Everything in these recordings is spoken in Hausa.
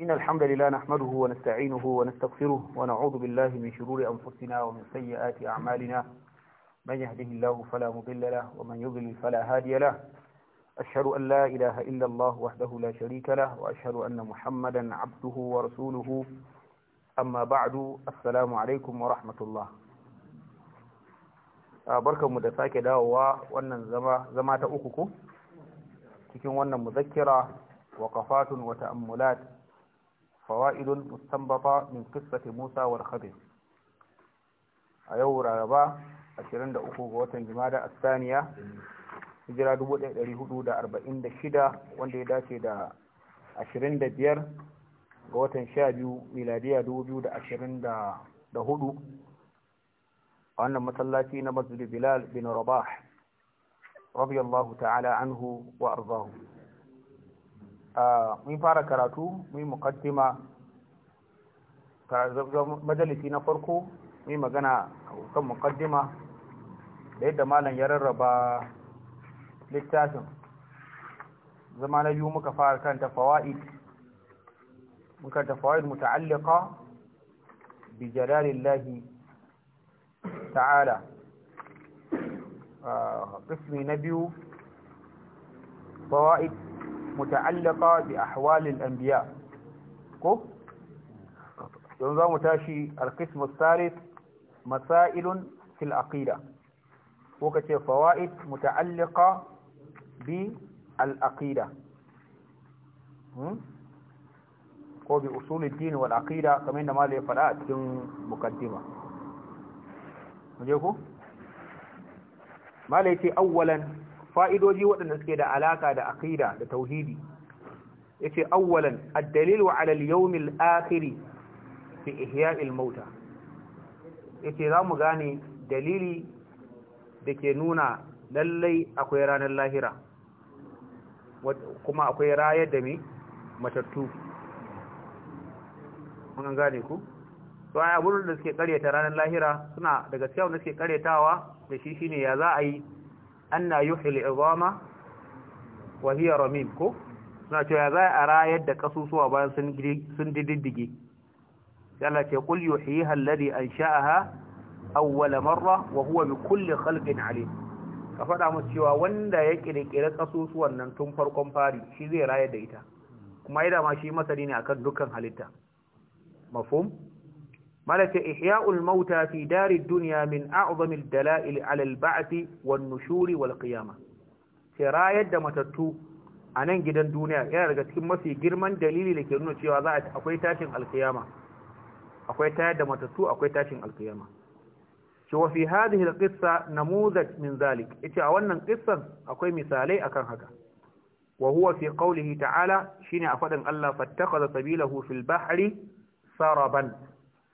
إن الحمد لله نحمده ونستعينه ونستغفره ونعوذ بالله من شرور أنفسنا ومن سيئات أعمالنا من يهده الله فلا مضل له ومن يضلل فلا هادي له أشهد أن لا إله إلا الله وحده لا شريك له وأشهد أن محمدا عبده ورسوله أما بعد السلام عليكم ورحمة الله barkanmu da sake dawowa wannan zama ta uku ku cikin wannan muzakkira wa kafatun wa ta'ammulat فوائد مستنبطة من قصة موسى والخضر أيو رغبا أشيرن دا أخو غوطن جمادة الثانية هجرة دبوت الهدو دا أربعين دا شدة وان دي داشي دا أشيرن دا بير غوطن شابيو ميلادية دو بيو دا أشيرن دا دا هدو وأن مسلاتي نمز بلال بن رباح رضي الله تعالى عنه وأرضاه mun fara karatu mun muqaddima majalisi na farko mun magana kan muqaddima da yadda malam ya rarraba littafin zama na biyu muka fara karanta fawaid muka ta fawaid muta'alliqa bi jalalillahi ta'ala qismi na biyu fawaid muta'allaqa bi ahwalil anbiya ko don za mu tashi al-qism thalith masailun fil aqida ko kace fawaid muta'alliqa bi al-aqida hmm? ko bi usulul din wal aqida kamar yadda malai fada a cikin mukaddima je ku malai ce awwalan fa'idoji waɗanda suke da alaka da aƙida da tauhidi ya ce awwalan addalil wa alal al-yawm al-akhir fi ihya' al-mauta za mu gane dalili ke nuna lallai akwai ranar lahira kuma akwai rayar da me matattu mun gane ku to ai abun da suke karyata ranar lahira suna daga cikin da suke karyatawa da shi shine ya za a yi anna yuhil izama wa hiya ramim ko suna cewa za a rayar da kasusuwa bayan sun diddige yana ce kul yuhyiha an ansha'aha awwala marra wa huwa bi kulli khalqin alim ka faɗa musu cewa wanda ya kirkire kasusuwan nan tun farkon fari shi zai rayar da ita kuma ya dama shi masani ne akan dukkan halitta mafhum malaka ihya'ul mauta fi darid dunya min a'zamil dalail 'ala al-ba'th wan nushuri wal qiyamah sai rayar da matattu a nan gidan duniya yana daga cikin mafi girman dalili da ke nuna cewa za akwai tashin alkiyama akwai tayar da matattu akwai tashin alkiyama shi wa fi hadhihi alqissa namuzat min zalik yace a wannan kissan akwai misalai akan haka wa huwa fi qawlihi ta'ala shine a fadin Allah fattakhadha sabilahu fil bahri saraban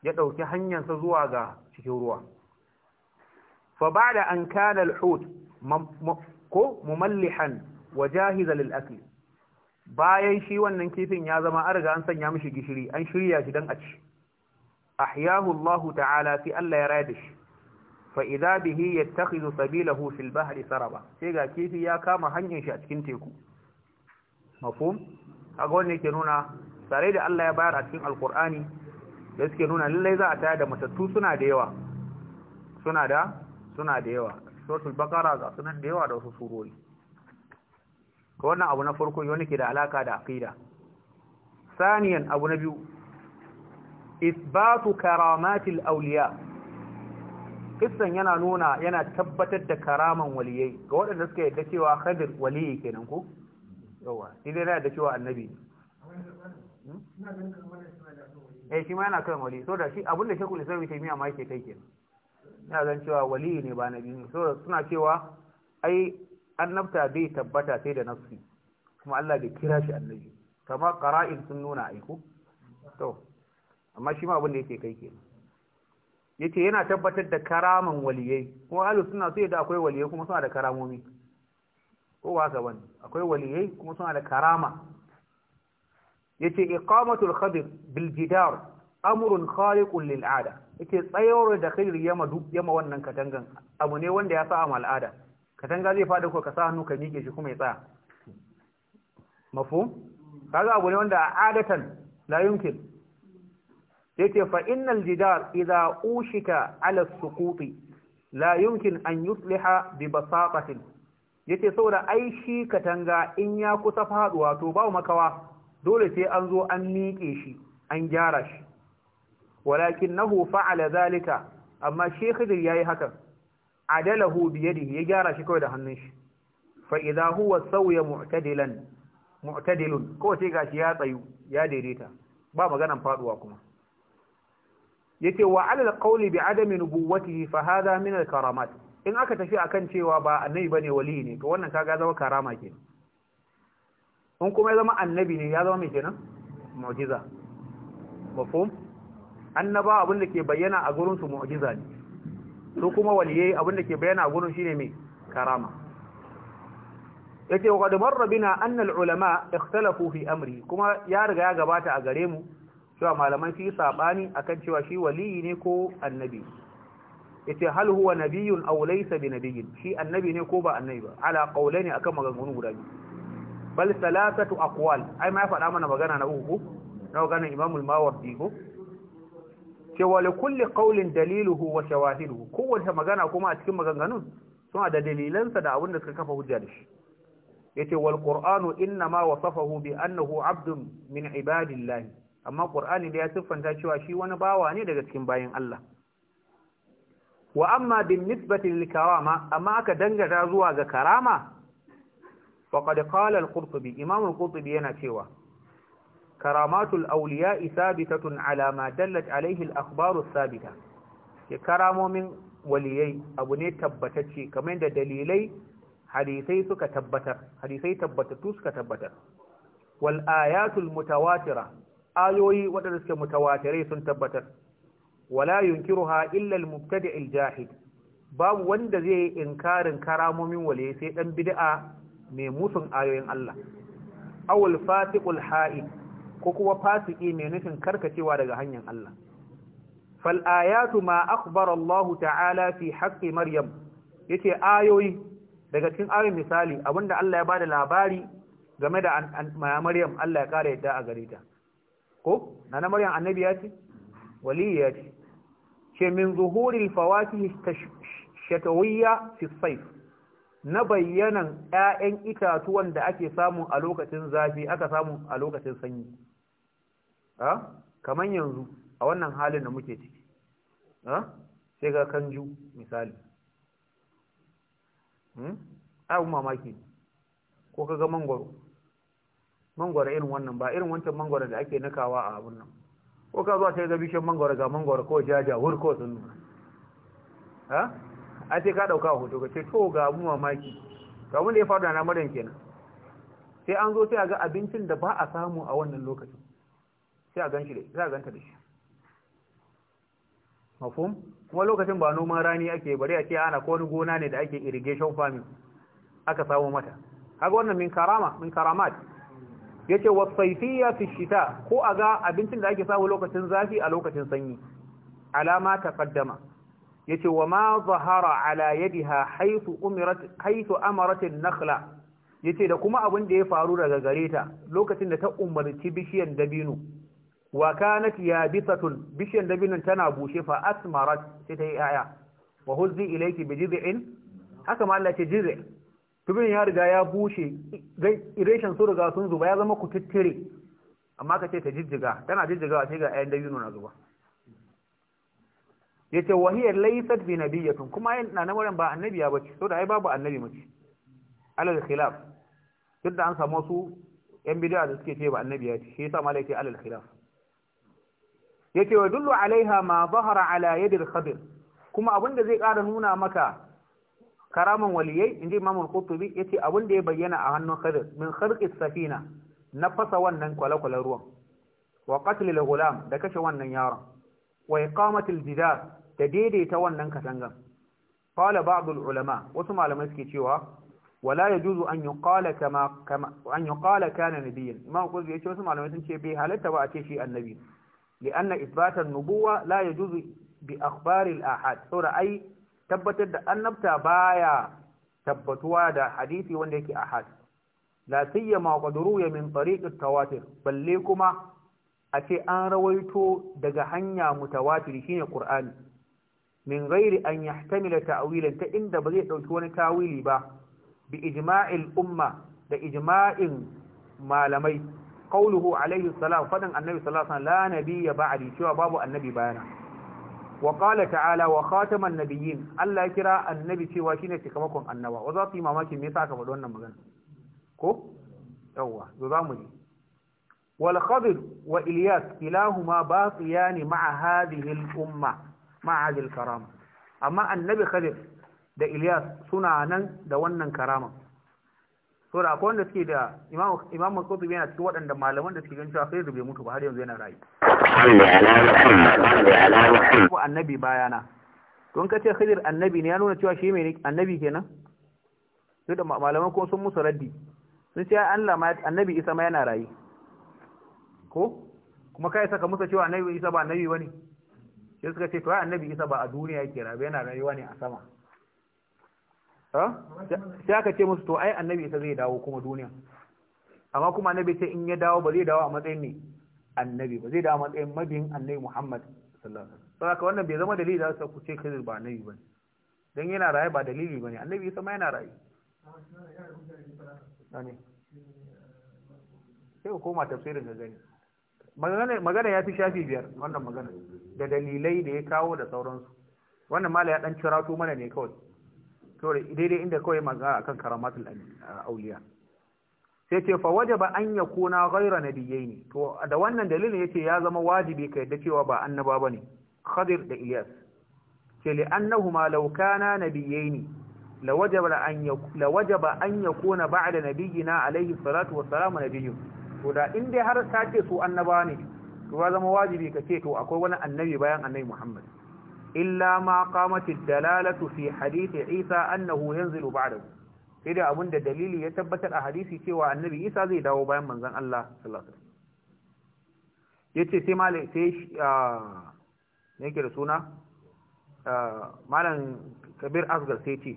ya ɗauki hanyarsa zuwa ga cikin ruwa fa ba da an kana ko mumallihan wa jahiza lil bayan shi wannan kifin ya zama an riga an sanya mishi gishiri an shirya shi dan a ci ahyahu Allah ta'ala fi Allah ya ra da shi fa idza bihi yattakhidhu sabila fil bahri saraba sai ga kifi ya kama hanyar shi a cikin teku mafhum aga wannan yake nuna sare da Allah ya bayar a cikin Alkur'ani. da suke nuna lallai za a tayar da matattu suna da yawa suna da suna da yawa suratul za ga sunan da yawa da wasu surori Ka wannan abu na farko yana ke da alaka da aƙida. saniyan abu na biyu isbatu karamatil auliya. kissan yana nuna yana tabbatar da karaman waliyai ga waɗanda suka yadda cewa hadir waliyai kenan ko yawa dai yana da cewa annabi ne hmm? eh shi ma yana kan wali so da shi abin da shekul islam ta miya ma yake kai kenan ina zan cewa wali ne ba nabi so suna cewa ai annabta bai tabbata sai da nafsi kuma Allah bai kira shi annabi kama qara'in sun nuna aiko to amma shi ma abin da yake kai kenan yace yana tabbatar da karaman waliyai kuma ahlus suna so da akwai waliyai kuma suna da karamomi ko ba haka akwai waliyai kuma suna da karama yace iqamatul khadir bil jidar amrun khaliqun lil ada yace tsayawar da khadir yama duk yama wannan katangan abu ne wanda ya sa al'ada katanga zai fada ko ka sa hannu ka miƙe shi kuma ya tsaya mafhum kaga abu ne wanda adatan la yumkin yace fa innal jidar idha ushika ala suquti la yumkin an yusliha bi basaqatin yace saboda ai shi katanga in ya kusa faduwa to ba makawa dole sai an zo an miƙe shi an gyara shi walakin nahu fa'ala zalika amma shi ya yayi hakan adalahu bi ya gyara shi kawai da hannun shi fa huwa sauya mu'tadilan mu'tadilun ko sai gashi ya tsayu ya daidaita ba maganan faduwa kuma ce, wa alal qawli bi adami nubuwwatihi fa haza min al karamat in aka tafi akan cewa ba annabi bane wali ne to wannan kaga zama karama kenan in kuma ya zama annabi ne ya zama mai kenan mu'jiza mafhum annaba abin da ke bayyana a gurin su mu'jiza ne su kuma waliyai abin da ke bayyana a gurin shine mai karama yace wa qad marra bina an al ulama ikhtalafu fi amri kuma ya riga ya gabata a gare mu cewa malaman fi sabani akan cewa shi waliyi ne ko annabi yace hal huwa nabiyyun aw laysa bi nabiyyin shi annabi ne ko ba annabi ba ala qawlaini akan maganganu guda biyu bal salasatu aqwal ai ma ya faɗa mana magana na uku na ganin Imam al-Mawardi ko cewa li kulli qawlin daliluhu wa shawahiduhu kowace magana kuma a cikin maganganun suna da dalilansa da abin da suka kafa hujja da shi yace wal qur'anu inna ma wasafahu bi annahu abdun min ibadillahi amma qur'ani da ya siffanta cewa shi wani bawa ne daga cikin bayin Allah wa amma bin nisbati lil karama amma aka dangata zuwa ga karama faqad qala al-qurtubi imam yana cewa karamatul awliya thabitatun ala ma dallat alayhi al sabita. ke karamomin waliyai abu ne tabbatacce kamar da dalilai hadisai suka tabbatar hadisai tabbatatu suka tabbatar wal'ayatul mutawatira ayoyi waɗanda suke mutawatirai sun tabbatar wala yunkiruha illa al al-jahid babu wanda zai yi inkarin karamomin waliyai sai dan bid'a mai musun ayoyin Allah awul fatiqul ha'id ko kuma fasiki mai nufin karkacewa daga hanyar Allah fal ayatu ma akhbara Allah ta'ala fi haƙƙi maryam yace ayoyi daga cikin ayoyin misali abinda Allah ya bada labari game da maryam Allah ya kare yadda a gare ta ko nana maryam annabi ya ce ya ce ce min zuhuril ta shatawiyya fi sayf na bayyanan ‘ya'yan itatuwan da ake samu a lokacin zafi aka samu a lokacin sanyi kamar yanzu a wannan halin da muke ciki sai ga kanju misali hmm? abin mamaki ko ka ga mangwaro mangwaro irin wannan ba irin wancan mangwaro da ake nakawa a abin nan ko ka zuwa sai ga bishiyar mangwaro ga mangwaro ko jaja wurko sun nuna an sai ka dauka hoto ka ce to ga mu mamaki ga wanda ya faru da namarin kenan sai an zo sai a ga abincin da ba a samu a wannan lokacin sai a gan shi da sai a ganta da shi mafhum kuma lokacin ba noman rani ake bari a ce ana ko wani gona ne da ake irrigation farming aka samu mata kaga wannan min karama min karamat yace wasayfiya fi shita ko aga abincin da ake samu lokacin zafi a lokacin sanyi alama taqaddama yace wa ma zahara ala yadiha haythu umirat haythu amarat an-nakhla yace da kuma abin da ya faru daga gare ta lokacin da ta umarci bishiyan dabino wa kanat yabisatun bishiyan dabinon tana bushe fa asmarat sai ta yi aya wa huzzi ilayki bi jiz'in haka ma Allah ce jiz' tubin ya riga ya bushe reshen su riga sun zuba ya zama kututtire amma ka ce ta jijjiga tana jijjiga sai ga ayan dabino na zuba yace wahiya laysat bi nabiyyatin kuma yana na maryam ba annabiya bace saboda ai babu annabi mace alal khilaf duk da an samu wasu yan bid'a da suke ce ba annabiya ce shi yasa malai alal khilaf yace wa dullu alaiha ma zahara ala yadi al-khadir kuma abinda zai kara nuna maka karaman waliyai inji imam al-qutubi yace abin da ya bayyana a hannun khadir min kharqi safina na fasa wannan kwale ruwan wa qatl al-ghulam da kashe wannan yaron wa iqamati al-jidar da daidaita wannan katangan qala ba'd ulama wasu malamai suke cewa wala yajuzu an yi kala an kana nabiyyan imam kuzi wasu malamai sun ce bai halatta ba a ce shi annabi li'anna isbatan nubuwa la yajuzu bi akhbaril ahad saboda ai tabbatar da annabta baya tabbatuwa da hadisi wanda yake ahad la siyama qad ruya min tariq tawatir balle kuma a ce an rawaito daga hanya mutawatir shine ƙur'ani min gairi an yahtamila ta'wilan ta inda ba zai dauki wani tawili ba bi ijma'il umma da ijma'in malamai qauluhu alaihi salam fadan annabi sallallahu alaihi wasallam la nabiyya ba'di cewa babu annabi bayana wa qala ta'ala wa khataman nabiyyin Allah ya kira annabi cewa shine cikamakon annaba wa za su mamaki me yasa aka faɗi wannan magana ko yawwa zo za mu ji والخضر وإلياس كلاهما باقيان مع هذه الأمة ma'adil karama amma annabi khadir da ilyas suna nan da wannan karama So da akwai wanda suke da imam imamu yana cikin waɗanda malaman da suke gan cewa khadir bai mutu ba har yanzu yana rayu ko annabi bayana don ka ce khadir annabi ne ya nuna cewa shi mai annabi kenan duk da malaman ko sun musu raddi sun ce Allah ma annabi Isa ma yana rayu ko kuma kai saka musa cewa annabi Isa ba annabi bane sai suka ce to annabi isa ba a duniya yake rabe yana rayuwa ne a sama sai aka ce musu to ai annabi isa zai dawo kuma duniya amma kuma annabi sai in ya dawo ba zai dawo a matsayin ne annabi ba zai dawo a matsayin mabiyin annabi muhammad sallallahu alaihi wasallam saboda wannan bai zama dalili da za ku ce kai ba annabi ba dan yana raye ba dalili bane annabi isa ma yana raye sai ku koma tafsirin ga gani magana ya fi shafi biyar wannan magana da dalilai da ya kawo da sauransu wannan mala ya dan cirato mana ne kawai to daidai inda kawai magana akan karamatul auliya sai ce fa wajaba an yakuna ghayra nabiyyaini to da wannan dalilin yace ya zama wajibi ka yadda cewa ba annaba bane khadir da ilyas ce li annahuma law kana nabiyyaini lawajaba an yakuna lawajaba an yakuna ba'da nabiyyina alayhi salatu wassalamu nabiyyun to da in dai har ta ce su annaba ne to ba zama wajibi ka ce to akwai wani annabi bayan annabi Muhammad illa ma qamatid dalalatu fi hadith Isa annahu yanzilu ba'dahu sai da abinda dalili ya tabbatar a hadisi cewa annabi Isa zai dawo bayan manzon Allah sallallahu alaihi wasallam yace sai malai sai ne ah, ke da suna ah, malam kabir asgar sai ce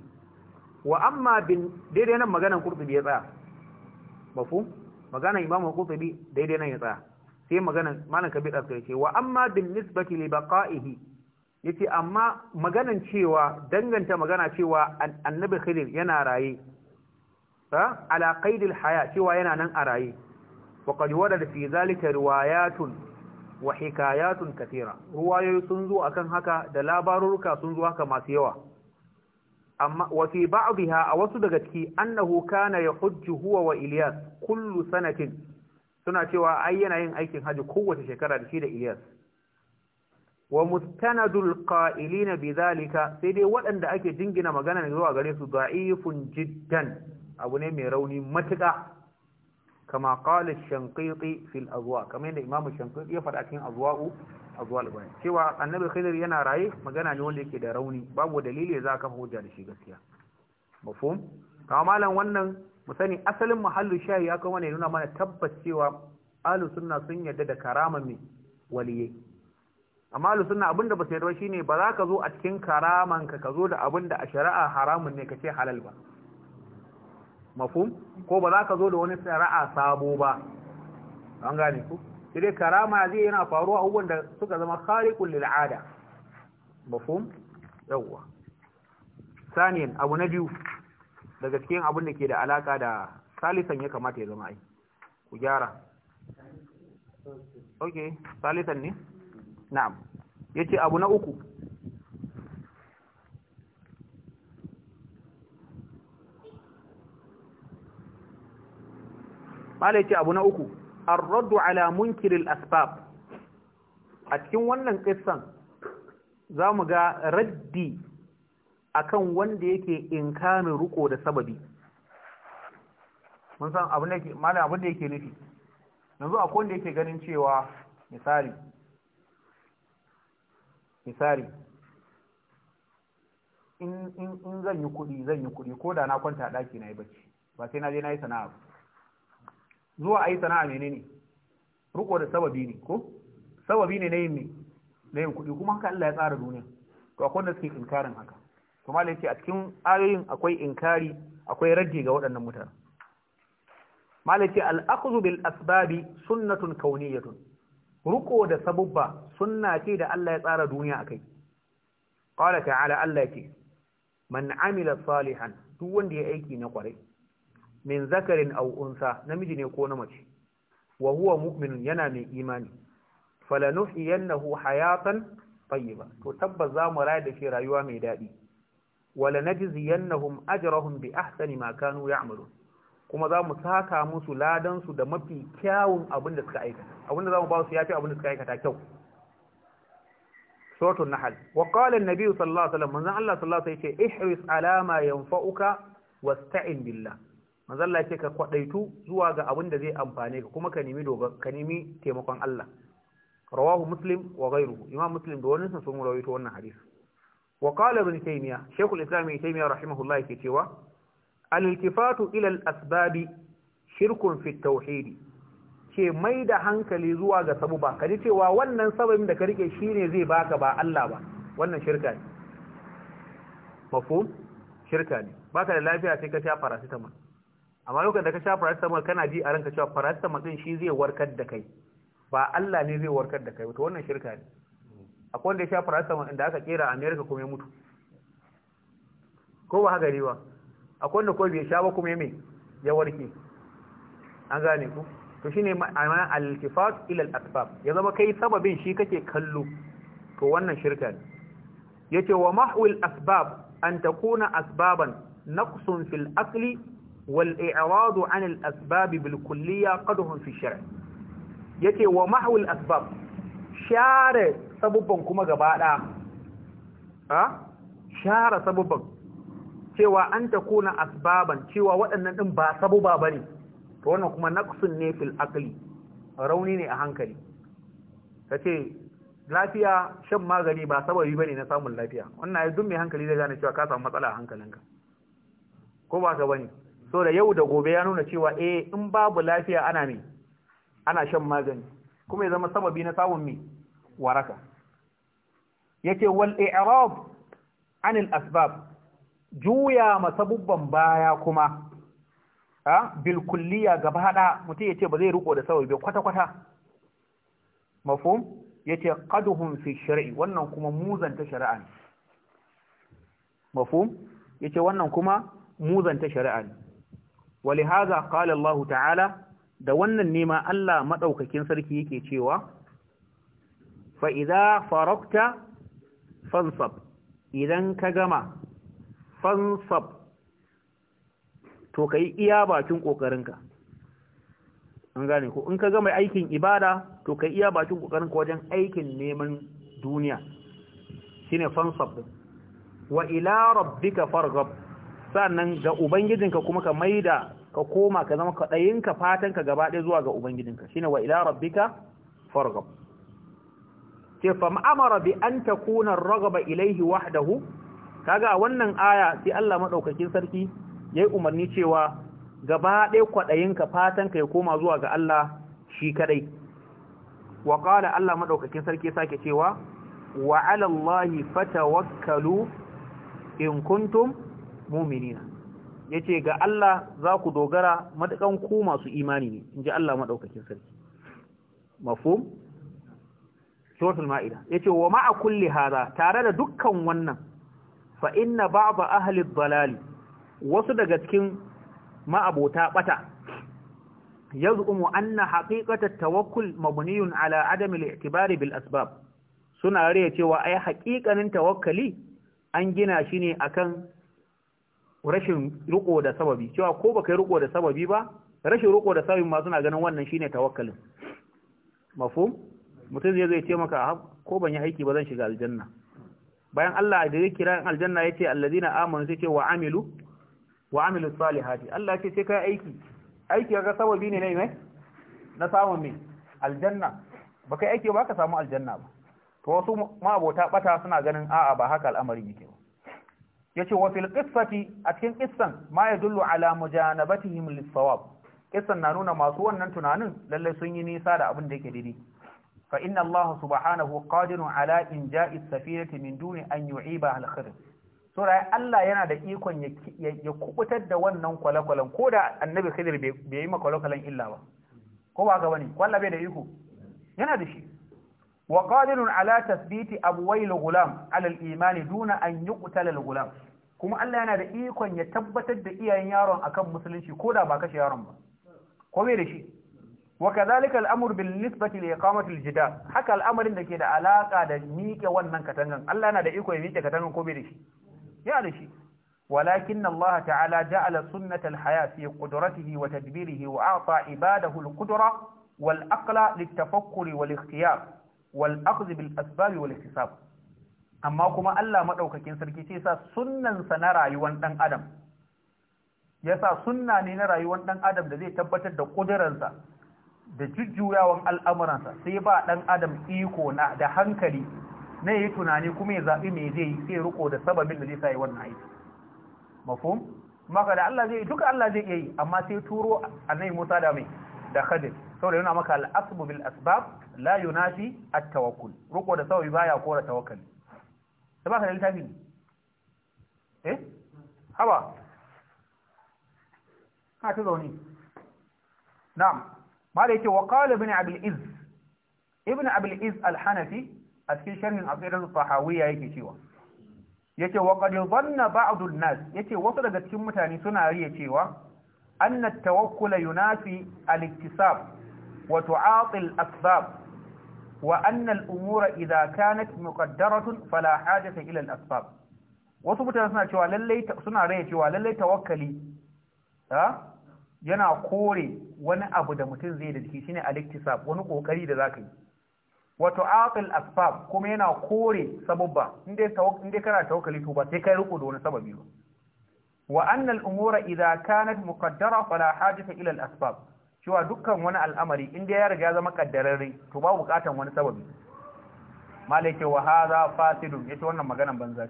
wa amma bin daidai nan maganan kurbi ya tsaya mafu magana imamu qurtubi daidai nan ya tsaya sai magana malam kabir askari ce wa amma bin nisbati li baqaihi yace amma maganan cewa danganta magana cewa annabi khidir yana raye ha ala qaidil haya cewa yana nan a raye wa qad warada fi zalika riwayatun wa hikayatun kathira ruwayoyi sun zo akan haka da labarurruka sun zo haka masu yawa amma wa fi a wasu daga ciki annahu kana yahujju huwa wa Ilyas kullu sanatin suna cewa ai yana yin aikin haji kowace shekara da shi da Ilyas wa mustanadul kailina bidhalika sai dai waɗanda ake jingina magana zuwa gare su da'ifun jiddan abu ne mai rauni matuƙa kama qala ash-shanqiti fil azwa kamar yadda imamu shanqiti ya faɗa cikin azwa'u azwal cewa annabi khidir yana raye magana ne wanda yake da rauni babu dalili za ka hujja da shi gaskiya mafhum kama malam wannan mu sani asalin muhallin shayi ya kuma ne nuna mana tabbas cewa ahlus sunna sun yarda da karama mai waliyai amma ahlus sunna abinda ba su yarda shine ba za ka zo a cikin karaman ka ka zo da abinda a shari'a haramun ne ka ce halal ba mafum ko ba za ka zo da wani tsara'a sabo ba an gane ku sai dai karama zai yana faruwa abubuwan da suka zama khariqul lil ada mafhum yawwa saniyan abu na biyu daga cikin abin da ke da alaka da salisan ya kamata ya zama ai ku gyara okay salisan ne na'am yace abu na uku malai ce abu na uku ar-raddu ala munkiril asbab a cikin wannan kissan za mu ga raddi akan wanda yake inkarin ruko da sababi mun san abin malam abin da yake nufi yanzu akwai wanda yake ganin cewa misali misali in in in zan yi kuɗi zan yi kuɗi ko da na kwanta a ɗaki na yi bacci ba sai na je na yi sana'a zuwa a yi sana'a ne riko da sababi ne ko sababi ne na yin ne na yin kuɗi kuma haka Allah ya tsara duniya to akwai wanda suke inkarin haka to malai ce a cikin ayoyin akwai inkari akwai raddi ga waɗannan mutane malai ce al-akhdhu bil asbabi sunnatun kauniyatun riko da sababba sunna ce da Allah ya tsara duniya akai qala ta'ala Allah ce man amila salihan duk wanda ya aiki na kwarai min zakarin aw unsa namiji ne ko na mace wa huwa mu'minun yana mai imani falanuhyiyannahu hayatan tayyiba to tabbas za mu rayar da shi rayuwa mai dadi wala najziyannahum ajrahum bi ahsani ma kanu ya'malun kuma za mu saka musu ladan su da mafi kyawun abin da suka aikata abin da za mu ba su yafi abin da suka aikata kyau suratul nahl wa qala an-nabi sallallahu alaihi wasallam manzon Allah sallallahu alaihi wasallam yace ihris ala ma yanfa'uka wasta'in billah manzalla ce ka kwadaitu zuwa ga abin da zai amfane ka kuma ka nemi dogon ka nemi taimakon Allah rawahu muslim wa ghayruhu imam muslim da wani sun rawaito wannan hadisi wa qala ibn taymiya shaykhul islam ibn taymiya rahimahullah yake cewa al-iltifatu ila al asbab shirkun fi tauhidi ke mai da hankali zuwa ga sabu ba ji cewa wannan sabbin da ka rike shine zai baka ba Allah ba wannan shirka ne mafhum shirka ne baka da lafiya sai ka sha paracetamol amma lokacin da ka sha paracetamol kana ji a ranka cewa paracetamol din shi zai warkar da kai ba Allah ne zai warkar da kai to wannan shirka ne akwai wanda ya sha paracetamol inda aka kera a America kuma ya mutu ko ba haka riwa akwai wanda ko bai sha ba kuma ya me ya warke an gane ku to shine ma'ana al-iltifat ila al-asbab ya zama kai sababin shi kake kallo to wannan shirka ne yace wa mahwil asbab an takuna asbaban naqsun fil asli والإعراض عن الأسباب بالكلية قدهم في الشرع يتي ومحو الأسباب شارع سببا كما قبالا أه؟ share سببا cewa an ta kuna asbaban cewa waɗannan ɗin ba sabuba ba ne to wannan kuma naqsun ne fil aqli rauni ne a hankali kace lafiya shan magani ba sababi bane na samun lafiya wannan ya dumme hankali zai gane cewa ka samu matsala a hankalinka ko ba ka bane so da yau da gobe ya nuna cewa eh in babu lafiya ana me ana shan magani kuma ya zama sababi na samun mi waraka yace wal i'rab anil asbab juya masabubban baya kuma ha bil kulliya gaba hada mutum yace ba zai riko da sababi kwata kwata mafhum yace qaduhum fi shar'i wannan kuma muzanta shari'a ne mafhum yace wannan kuma muzanta shari'a ne wali haza qala Allah ta'ala da wannan nema Allah madaukakin sarki yake cewa fa idza farakta fansab idan ka gama fansab to kai iya bakin kokarinka an gane ko in ka gama aikin ibada to kai iya bakin kokarin wajen aikin neman duniya shine fansab din wa ila rabbika farghab sannan ga ubangijinka kuma ka maida ka koma ka zama kaɗayinka fatanka gaba ɗaya zuwa ga ubangijinka shine wa ila rabbika farghab ce fa ma'amara bi an takuna ragaba ilaihi wahdahu kaga wannan aya sai Allah maɗaukakin sarki yayi umarni cewa gaba ɗaya kwaɗayinka fatanka ya koma zuwa ga Allah shi kadai wa qala Allah maɗaukakin sarki sake cewa wa 'ala fatawakkalu in kuntum mu'minina ya ce ga Allah za ku dogara matakan ku masu imani ne in ji Allah maɗaukakin sarki mafum shotul ma'ida ya ce wa ma'a kulle haza tare da dukkan wannan fa inna ba'da ahli balali wasu daga cikin ma'abota bata yaz'umu anna haƙiƙatar tawakkul mabuniyun ala adamil al bil asbab suna raya cewa ai haƙiƙanin tawakkali an gina shi ne akan rashin riko da sababi cewa ko baka yi riko da sababi ba rashin riko da sababi ma suna ganin wannan shine tawakkalin mafhum mutum zai zai ce maka ko ban yi aiki ba zan shiga aljanna bayan Allah da ya kira aljanna yace allazina amanu sai ce wa amilu wa amilu salihati Allah ce sai kai aiki aiki ga sababi ne ne na samun me aljanna baka aiki ba ka samu aljanna ba to wasu ma abota bata suna ganin a'a ba haka al'amari yake ba yace wa fil qissati a cikin qissan ma yadullu ala mujanabatihim lis-sawab qissan na nuna masu wannan tunanin lalle sun yi nisa da abin da yake daidai fa inna Allah subhanahu qadirun ala inja'i as-safinati min duni an yu'iba al-khir sura Allah yana da ikon ya kubutar da wannan kwalakwalan ko da annabi khidir bai yi makwalakwalan illa ba ko ba ga bane kwalla bai da iko yana da shi وقادر على تثبيت أبوي الغلام على الإيمان دون أن يقتل الغلام kuma Allah yana da ikon ya tabbatar da iyayen yaron akan musulunci ko da ba kashe yaron ba ko bai da shi wa kadhalika al-amr bil nisbati li iqamati al-jidal haka al'amarin da ke da alaka da miƙe wannan katangan Allah yana da iko ya miƙe katangan ko bai da shi ya da shi ولكن الله تعالى جعل سنة الحياة في قدرته وتدبيره وأعطى عباده القدرة والأقل للتفكر والاختيار والأخذ بالأسباب والاكتساب amma kuma Allah maɗaukakin sarki sai sa sunnansa na rayuwar ɗan adam ya sa sunna ne na rayuwar ɗan adam da zai tabbatar da ƙudurarsa da jujjuyawan al'amuransa sai ba ɗan adam iko na da hankali na yi tunani kuma ya zaɓi mai zai yi sai riko da sababin da zai sa yi wannan aiki mafum maka da Allah zai duka Allah zai iya yi amma sai turo a nai Musa da mai da khadir saboda yana maka al’asubu bil asbab la yunafi at-tawakkul riko da sababi baya kora tawakkali da ba ka da littafi ne eh haba ka ta zaune na'am mala yake wa qala ibn abul iz ibn abul iz al-hanafi a cikin sharhin aqidat sahawiyya yake cewa yace wa qad dhanna ba'd an-nas yace wasu daga cikin mutane suna riya cewa anna at-tawakkul yunafi al-iktisab wa tu'ati al-asbab wa umura idza kanat muqaddaratun fala hajata ila al wasu mutane suna cewa lallai suna raye cewa lallai tawakkali ha yana kore wani abu da mutum zai da shi shine al-iktisab wani kokari da zaka yi wato atil asbab kuma yana kore sababba inda inda kana tawakkali to ba sai kai riko da wani sababi ba wa anna al-umura idza kanat muqaddara fala hajata ila al-asbab cewa dukkan wani al'amari in da ya riga zama kaddararre to ba bukatan wani sababi malike wa hadha fasidun ce wannan maganan banza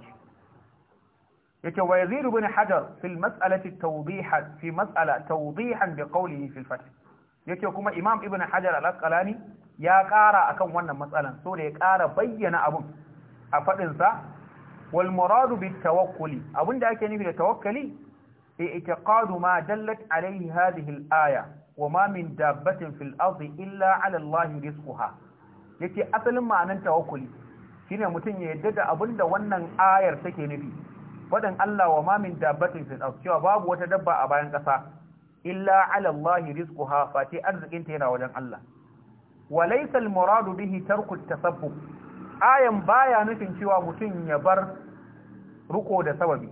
ce wa yazid bin hajar fil mas'alati tawdihan fi mas'ala tawdihan da qawlihi fil fath kuma imam ibn hajar al ya ƙara akan wannan matsalan so da ya ƙara bayyana abun a fadin sa wal muradu bit tawakkuli da ake nufi da tawakkali i'tiqadu ma dallat alayhi hadhihi al-aya wa ma min dabbatin fil illa ala Allah yake asalin ma'anar tawakkuli shine mutum ya yadda da abinda wannan ayar take nufi fadan Allah wa ma min dabbatin fil cewa babu wata dabba a bayan kasa illa ala Allah rizquha fati arzikin ta yana wajen Allah wa laysa al muradu bihi tarku tasabbub ayan baya nufin cewa mutum ya bar ruko da sababi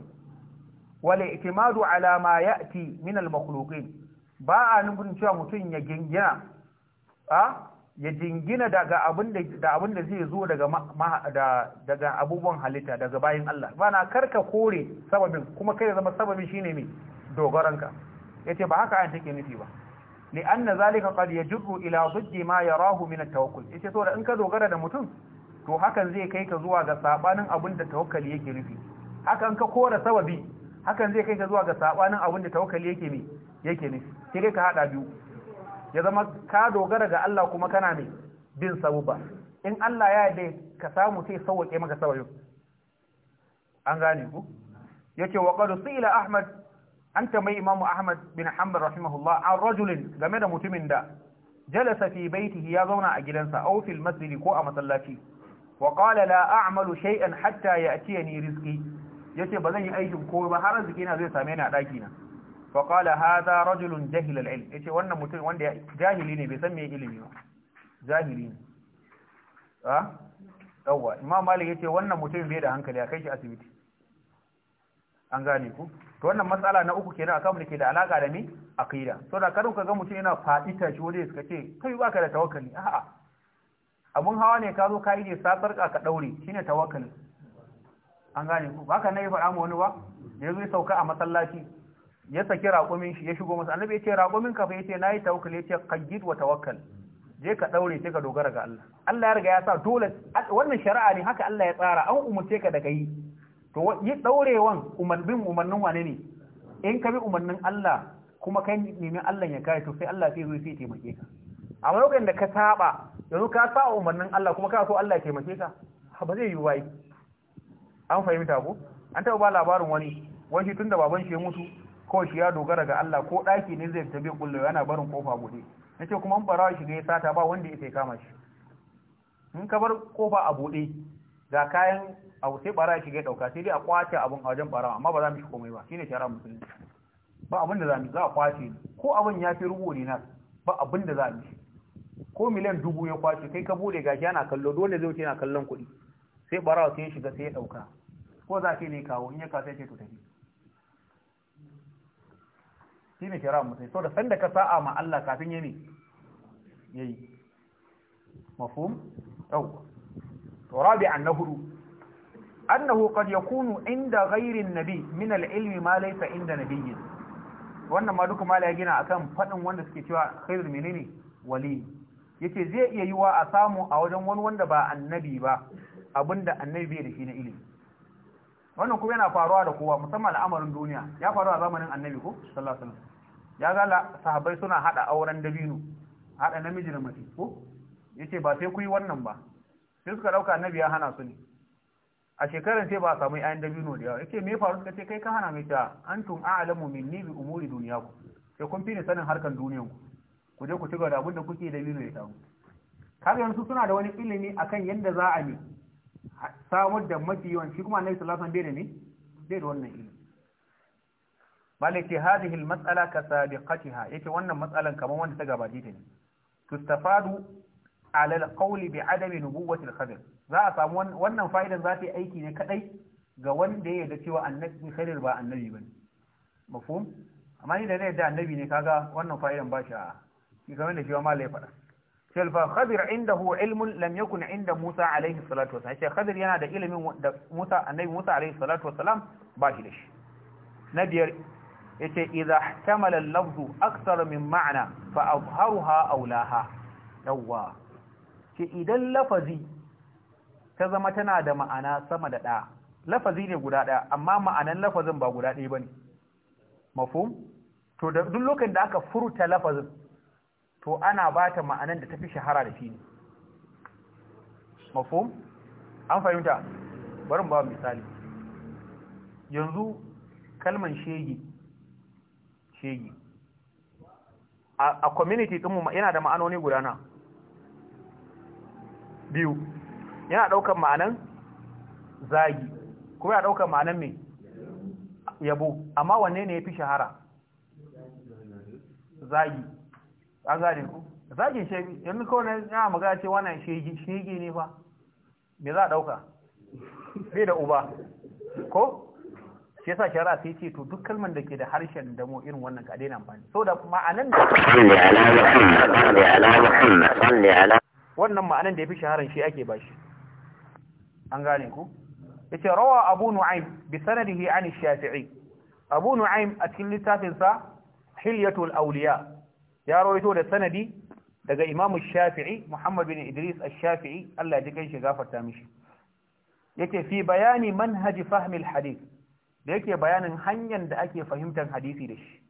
wal i'timadu ala ma ya'ti min al makhluqin ba a nufin cewa mutum ya gingina a ya jingina daga abin da zai zo daga abubuwan halitta daga bayan Allah ba na karka kore sababin kuma kai zama sababin shine mai dogaranka yace ba haka ayan take nufi ba li anna zalika qad yajru ila dhiddi ma yarahu min at-tawakkul yace saboda in ka dogara da mutum to hakan zai kai ka zuwa ga sabanin abin da tawakkali yake nufi hakan ka kore sababi hakan zai kai ka zuwa ga sabanin abin da tawakkali yake ne yake nufi sai dai ka haɗa biyu ya zama ka dogara ga Allah kuma kana ne bin sabuba in Allah ya yarda ka samu sai sauke maka sabayin an gane ku ce wa qad sila ahmad an tambayi imam ahmad bin hanbal rahimahullah an rajulin game da mutumin da jalasa fi baitihi ya zauna a gidansa aw fil masjid ko a masallaci wa qala la a'malu shay'an hatta ya'tiyani rizqi yace ba zan yi aikin ko ba har rizqi na zai same ni a daki na fa qala hadha rajulun jahil al-ilm yace wannan mutum wanda jahili ne bai san me ilimi ba jahili ne ha yawa imam malik yace wannan mutum bai da hankali a kai shi asibiti an gane ku to wannan matsala na uku kenan akan da ke da alaka da me akida so da karu ka mutum yana faɗi shi wanda suka ce kai baka da tawakkali a'a abun hawa ne ka zo ka yi ne safar ka daure shine tawakkali an gane ku baka nayi faɗa mu wani ba da yazo sauka a masallaci ya saki raƙumin shi ya shigo masa annabi ya ce raƙumin ka fa yi nayi ya ce qayyid wa tawakkal je ka daure sai ka dogara ga Allah Allah ya riga ya sa dole wannan shari'a ne haka Allah ya tsara an umurce ka da kai to yi daurewan umarnin umarnin wane ne in ka bi umarnin Allah kuma kai nemi Allah ya kai to sai Allah sai zo sai taimake ka a lokacin da ka saba yanzu ka sa umarnin Allah kuma ka so Allah ya taimake ka ba zai yi wai an fahimta ko an taɓa ba labarin wani wani tun da baban shi ya mutu kawai shi ya dogara ga Allah ko ɗaki ne zai tabi kullu yana barin kofa buɗe ce kuma in barawa shiga ya sata ba wanda ya kama shi in ka bar kofa a buɗe ga kayan abu sai barawa shiga ya ɗauka sai dai a kwace abun a wajen barawa amma ba za mu shi komai ba Shi ne shara musulunci ba abin da za mu za a kwace ko abin ya fi rubo ne na ba abin da za mu ko miliyan dubu ya kwace kai ka bude gashi yana kallo dole zai wuce yana kallon kuɗi sai barawa sai ya shiga sai ya ɗauka. ko za ka ne kawo in ya kasa ce to tafi shine shari'a mutai so da sanda ka sa'a ma Allah kafin yayi yayi mafhum yawa to rabi'an na hudu annahu qad yakunu inda gairin an-nabi min al-ilmi ma laysa inda nabiyyin wannan ma duka mala ya gina akan fadin wanda suke cewa khairul menene wali yace zai iya yiwa a samu a wajen wani wanda ba annabi ba abinda annabi bai da shi na ilimi wannan kuma yana faruwa da kowa musamman al'amarin duniya ya faru a zamanin annabi ko sallallahu alaihi wasallam ya ga sahabbai suna hada auren dabino hada namiji da mace ko yace ba sai ku yi wannan ba sai suka dauka nabi ya hana su ne a shekarar sai ba a samu ayan dabino da yawa yace me faru suka ce kai ka hana mai ta antum a'lamu minni bi umuri dunyaku sai kun fi ni sanin harkan duniyan ku ku je ku ci da abin da kuke dabino ya samu kaga su suna da wani ilimi akan yadda za a ne samar da mafi yawan shi kuma annabi sallallahu alaihi wasallam bai da ne bai da wannan ilimi malaki hadhihi al-mas'ala ka sabiqatiha yake wannan matsalan kamar wanda ta gabace ta ne tustafadu ala al-qawli bi adami nubuwwati al za a samu wannan fa'idan za ta yi aiki ne kadai ga wanda ya yarda cewa annabi khadir ba annabi bane mafhum amma ni da ne da annabi ne kaga wannan fa'idan ba shi a shi kamar da shi ma lai fada sai fa khadir indahu ilmun lam yakun inda Musa alaihi salatu wasalam sai khadir yana da ilimin da Musa annabi Musa alaihi salatu wasalam ba shi da shi na biyar yace idza ihtamala al-lafzu akthar min ma'na fa azharuha aulaha yawa ce idan lafazi ta zama tana da ma'ana sama da ɗaya lafazi ne guda ɗaya amma ma'anan lafazin ba guda ɗaya bane mafhum to da duk lokacin da aka furta lafazin to ana bata ma'anan da tafi shahara da shi ne mafhum an fahimta bari mu ba misali yanzu kalman shege shegi a community ɗinmu yana da ma'anoni gudana biyu yana ɗaukar ma'anan zagi kuma yana ɗaukar ma'anan mai yabo amma wanne ne ya fi shahara zagi an gane ku zagi shegi yanzu kawai na magana ce wannan shegi ne fa me za a ɗauka bai da uba ko shi yasa shari'a sai ce to duk kalmar da ke da harshen damo irin wannan ka daina amfani ma'anan da salli ala muhammad salli ala muhammad salli ala wannan ma'anan da yafi shaharan shi ake bashi an gane ku yace rawa abu nu'aym bi sanadihi an shafi'i abu nu'aym a cikin littafin sa hilyatul awliya ya rawaito da sanadi daga imamu shafi'i muhammad bin idris ash-shafi'i Allah ya ji kai shi gafarta mishi yake fi bayani manhaji fahmi al-hadith da yake bayanin hanyar da ake fahimtar hadisi da shi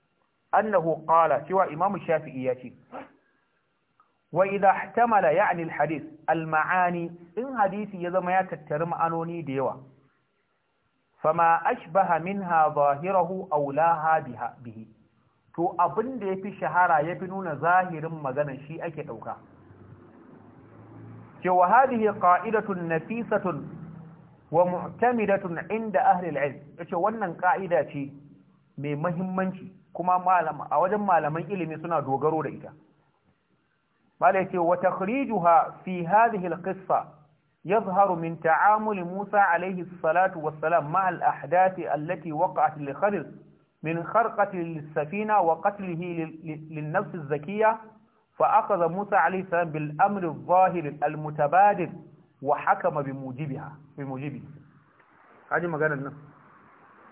annahu qala cewa imamu shafi'i ya ce wa idha ihtamala ya'ni al-hadith al in hadisi ya zama ya tattari ma'anoni da yawa fama ashbaha minha zahirahu aw laha biha bihi to abin da yafi shahara yafi nuna zahirin magana shi ake dauka cewa hadhihi qa'idatun nafisatun ومعتمده عند اهل العلم ita wannan ka'ida ce mai muhimmanci kuma malama a wajen malaman ilimi suna dogaro da ita bale ce wa takhrijuha fi hadhihi يظهر من تعامل موسى عليه الصلاة والسلام مع الأحداث التي وقعت لخضر من خرقة للسفينة وقتله للنفس الزكية فأخذ موسى عليه السلام بالأمر الظاهر المتبادل وحكم بموجبها bi mujibi kaji maganar nan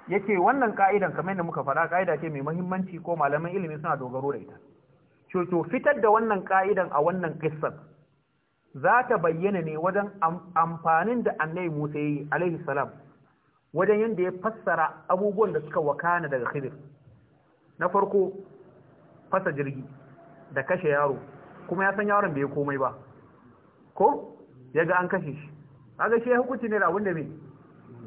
yace wannan ka'idan kamar yadda muka fara ka'ida ce mai muhimmanci ko malaman ilimi suna dogaro da ita to fitar da wannan ka'idan a wannan kissan za ta bayyana ne wajen amfanin da annabi Musa yi alaihi salam wajen yadda ya fassara abubuwan da suka wakana daga khidir na farko fasa jirgi da kashe yaro kuma ya san yaron bai komai ba ko ya ga an kashe shi kaga shi hukunci ne da abin da me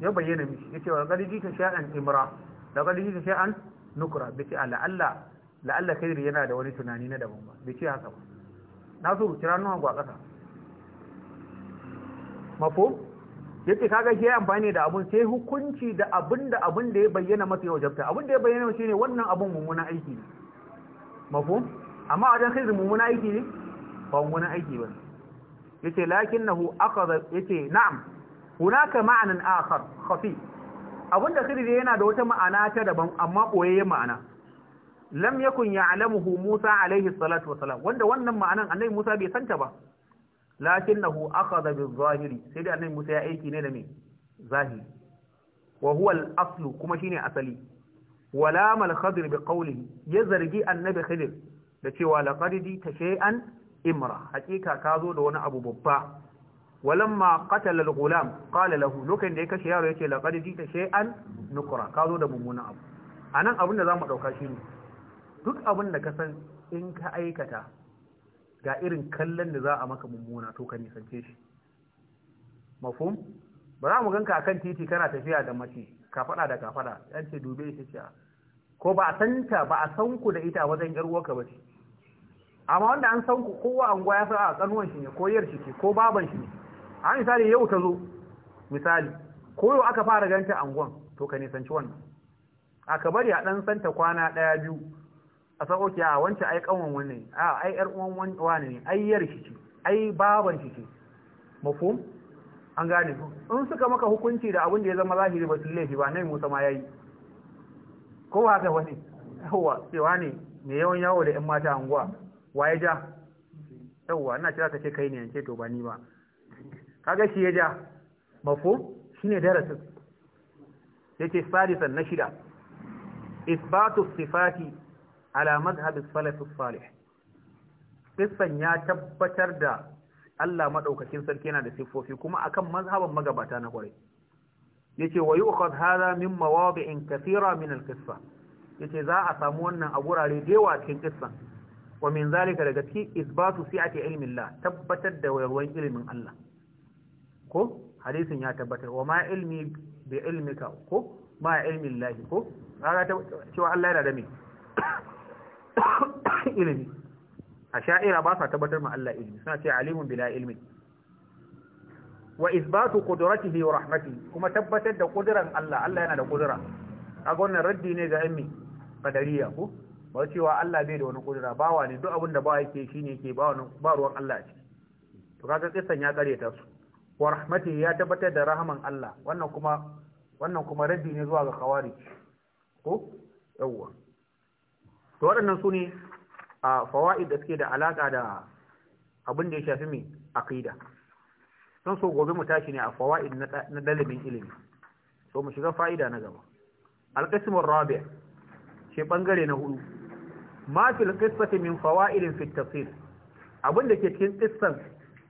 ya bayyana mishi yace wa qad jita sha'an imra da qad jita sha'an nukra bace ala ah, alla la alla khair yana da wani tunani na daban ba bace haka ba na so kira nuna gwa kasa Mafu yace kaga shi amfani da abun sai hukunci da abin da abin da ya bayyana masa yau jabta abin da ya bayyana shi ne wannan abun mummunan aiki ne mafu amma wajen khair mummunan aiki ne ba mummuna aiki ba ne yace lakinnahu akhadha yace na'am hunaka ma'anan akhar khafi abinda khidr yana da wata ma'ana ta daban amma ya ma'ana lam yakun ya'lamuhu Musa alaihi salatu wasalam wanda wannan ma'anan annabi Musa bai santa ba lakinnahu akhadha bil sai da annabi Musa ya aiki ne da me zahiri wa huwa al-aslu kuma shine asali wala mal bi qawlihi ya zargi annabi khadir da cewa laqad di ta shay'an imra hakika ka zo da wani abu babba walamma qatala al-ghulam qala lahu lokacin da ya kashe yaro yake laqad jita shay'an nukra ka zo da mummunan abu anan abin da zamu dauka ne duk abin da ka san in ka aikata ga irin kallon da za a maka mummuna to ka nisance shi mafhum ba za mu ganka akan titi kana tafiya da mace ka fada da ka fada yan ce dube shi ce ko ba a santa ba a san ku da ita wajen yar uwarka ba ce amma wanda an san ku kowa unguwa ya sa a kanuwan shi ne ko yar shi ko baban shi ne a misali yau ta zo misali ko yau aka fara ganta anguwan to ka nisanci wannan a ka bari a dan santa kwana daya biyu a san oke a wancan ai kanwan wannan a ai yar uwan wani ne ai yar shi ce ai baban shi ce mafhum an gane ku in suka maka hukunci da abin da ya zama zahiri ba su laifi ba nan musa ma yayi ko haka wani yawa cewa ne mai yawan yawo da yan mata anguwa wa ya ja yawwa ina cewa ka ce kai ne yance to ba ni ba kaga shi ya ja mafu shine darasin yace salisan na shida isbatu sifati ala madhhab salaf salih sifan ya tabbatar da Allah madaukakin sarki yana da siffofi kuma akan mazhaban magabata na kwarai yace wa yu'khad hadha min mawadi'in kathira min al-qissa yace za a samu wannan a gurare da yawa cikin qissan wa min zalika daga ciki isbatu si'ati Allah tabbatar da wayarwan ilmin Allah ko hadisin ya tabbatar wa ma ilmi bi ilmika ko ma ilmin Allah ko kaga cewa Allah yana da me ilmi? a sha'ira ba sa tabbatar ma Allah ilmi, suna ce alimun bila ilmi wa isbatu qudratihi wa rahmatihi kuma tabbatar da kudiran Allah Allah yana da kudura a wannan raddi ne ga ilmi qadariya ko ba cewa Allah bai da wani kudura bawa ne duk abin da bawa yake ne yake ba ruwan Allah ce to kaga kisan ya kare ta su wa rahmati ya tabbatar da rahaman Allah wannan kuma wannan kuma raddi ne zuwa ga khawarij ko yawa to waɗannan su ne a fawaid da suke da alaka da abin da ya shafi mai aqida sun so gobe mu tashi ne a fawaid na dalibin ilimi so mu shiga fa'ida na gaba alqismu rabi' ce bangare na hudu ma fil qissati min fawaidin fi tafsir abin da ke cikin qissan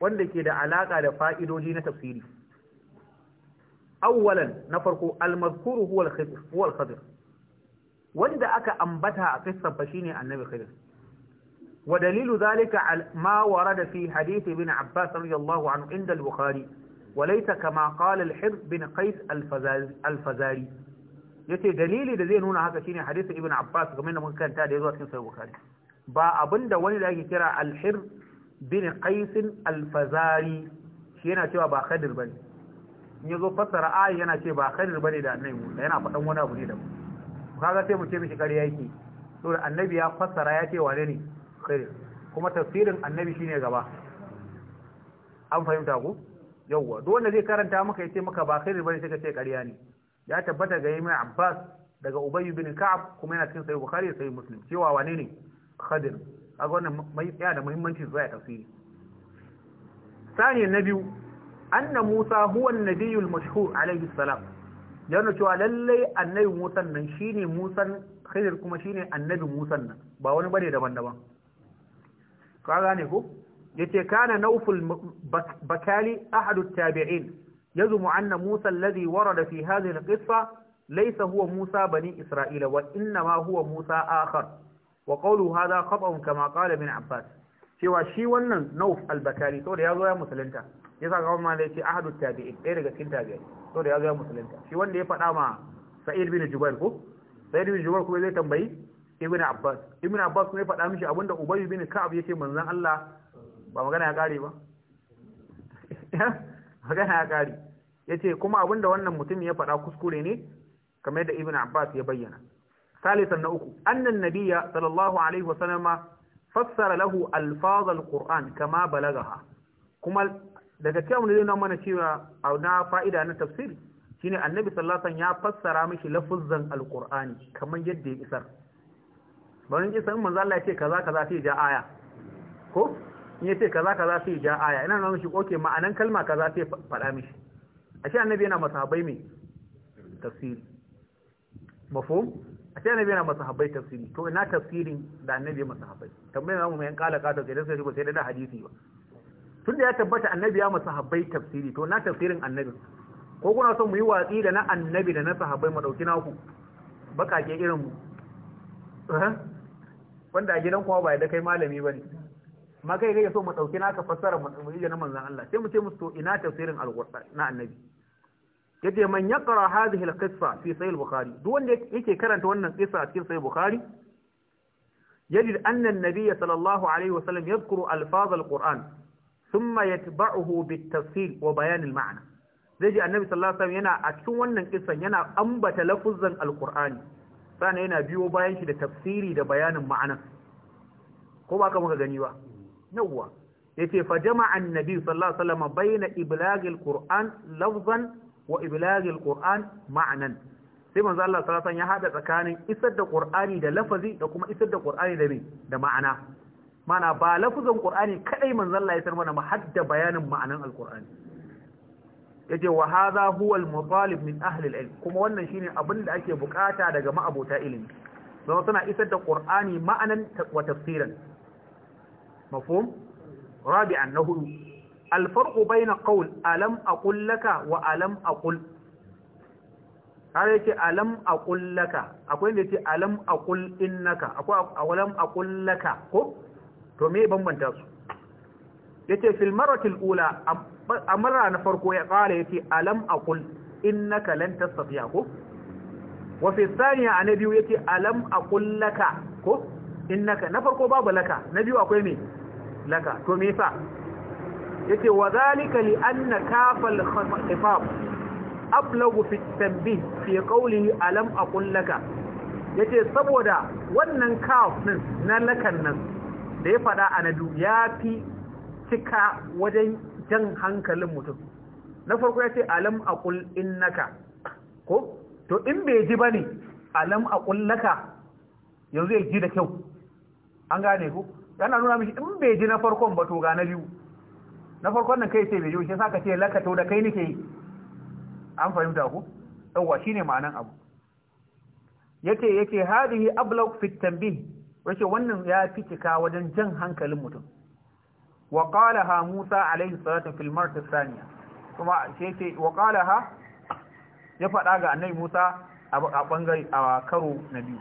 wanda ke da alaka da fa'idoji na tafsiri awwalan na farko al-mazkuru huwa al-khidr huwa al-khidr wanda aka ambata a qissan fa shine annabi khidr wa dalilu zalika ma warada fi hadith ibn abbas radiyallahu anhu inda al-bukhari وليس كما قال الحر بن قيس الفزاري yace dalili da zai nuna haka shine hadisi ibn abbas kamar da muka kanta da yazo cikin sahih bukhari ba abinda wani da ake kira al-hir bin qais al-fazari shi yana cewa ba khadir bane in yazo fassara ayi yana ce ba khadir bane da annabi mu yana faɗan wani abu ne da mu kaga sai mu ce mishi kare yake to annabi ya fasara ya ce wane ne khadir kuma tafsirin annabi shine gaba an fahimta ku yawwa duk wanda zai karanta maka yace maka ba khadir bane sai ka ce kariya ne ya tabbata ga Ibn Abbas daga ubayu bin Ka'ab kuma yana cikin sahih Bukhari sahih Muslim cewa wane ne Khadir kaga wannan mai tsaya da muhimmanci zuwa tafsiri sani na biyu anna Musa huwa an-nabiyyu mashhur alayhi salam yana cewa lallai annabi Musa nan shine Musa Khadir kuma shine annabi Musa nan ba wani bane daban-daban ka gane ko yace kana nauful bakali ahadut tabi'in يزم أن موسى الذي ورد في هذه القصة ليس هو موسى بني إسرائيل وإنما هو موسى آخر وقوله هذا خطأ كما قال ابن عباس cewa shi wannan nauf albakari saboda ya zo ya musulunta ya sa gawan malai ce ahadu tabi'i ɗaya daga cikin tabi'i saboda ya zo ya musulunta shi wanda ya faɗa ma sa'id bin jubair ko sa'id bin jubair kuma zai tambayi ibn abbas ibn abbas kuma ya faɗa mishi abinda ubay bin ka'ab yace manzon Allah ba magana ya kare ba magana ya kare yace kuma abinda wannan mutum ya faɗa kuskure ne kamar yadda ibn abbas ya bayyana salisan na uku annan nabiya sallallahu alaihi wasallama fassara lahu alfaz alquran kama balagaha kuma daga cewa ne nuna mana cewa na fa'ida na tafsiri shine annabi sallallahu alaihi ya fassara mishi lafuzzan alqur'ani kamar yadda ya isar bayan isar manzo Allah ya ce kaza kaza sai ja aya ko in yace kaza kaza sai ja aya ina nuna mishi oke ma'anan kalma kaza sai fada mishi ashe annabi yana masahabai mai tafsiri mafhum ashe annabi yana masahabai tafsiri to ina tafsirin da annabi ya masahabai tambayar zamu mai kala kala ka tafsiri sai ko sai da hadisi ba tun da ya tabbata annabi ya masahabai tafsiri to ina tafsirin annabi ko kuna son mu yi watsi da na annabi da na sahabbai mu dauki naku bakake irin mu eh? wanda a gidan kuma ba da kai malami bane ma kai kai so mu dauki naka fassara mu iya na manzon Allah sai mu ce musu to ina tafsirin alqur'ani na annabi yace man yaqra hadhihi alqissa fi sahih bukhari duk wanda yake karanta wannan qissa a cikin sahih bukhari yajid anna an-nabiy sallallahu alaihi wasallam yadhkuru alfaz alquran thumma yatba'uhu bitafsil wa bayan alma'na zai ji annabi sallallahu alaihi wasallam yana a cikin wannan kissan yana ambata lafuzan alqur'ani sannan yana biyo bayan shi da tafsiri da bayanin ma'anar ko ba ka muka gani ba yawwa yace fa jama'a annabi sallallahu alaihi wasallam baina iblagil qur'an lafzan wa iblagil qur'an ma'nan sai manzo Allah sallallahu alaihi wasallam ya hada tsakanin isar da qur'ani da lafazi da kuma isar da qur'ani da me da ma'ana mana ba lafuzan qur'ani kadai manzo Allah ya san mana hadda bayanin ma'anan alqur'ani yace wa hadha huwa almutalib min ahli alilm kuma wannan shine abin da ake bukata daga ma'abota ilimi zama suna isar da qur'ani ma'anan wa tafsiran mafhum rabi'an na hudu alfarqu baina qawl alam aqul laka wa alam aqul har yake alam aqul laka akwai inda yake alam aqul innaka akwai alam aqul laka ko to me bambanta su yace fil maratil ula amara na farko ya kala yace alam aqul innaka lan tastati'a ko wa fi thaniya anabiyu yace alam aqul laka ko innaka na farko babu laka na biyu akwai me laka to me yasa yace wa zalika li anna kafal khifaf ablagu fi tanbih fi qawli alam aqul laka yace saboda wannan kaf din na lakan nan da ya fada a nadu yafi cika wajen jan hankalin mutum na farko yace alam aqul innaka ko to in bai ji bane alam aqul laka yanzu ya ji da kyau an gane ku yana nuna mishi in bai ji na farkon ba to ga na biyu na farkon nan kai sai bai ji shi saka ce laka to da kai nake yi an fahimta ku yawa shine ma'anan abu yace yace hadihi ablaq fi tanbih wace wannan ya fitika wajen jan hankalin mutum wa qalaha Musa alayhi salatu fil marta thaniya kuma yace wa qalaha ya faɗa ga annabi Musa a bangare a karo na biyu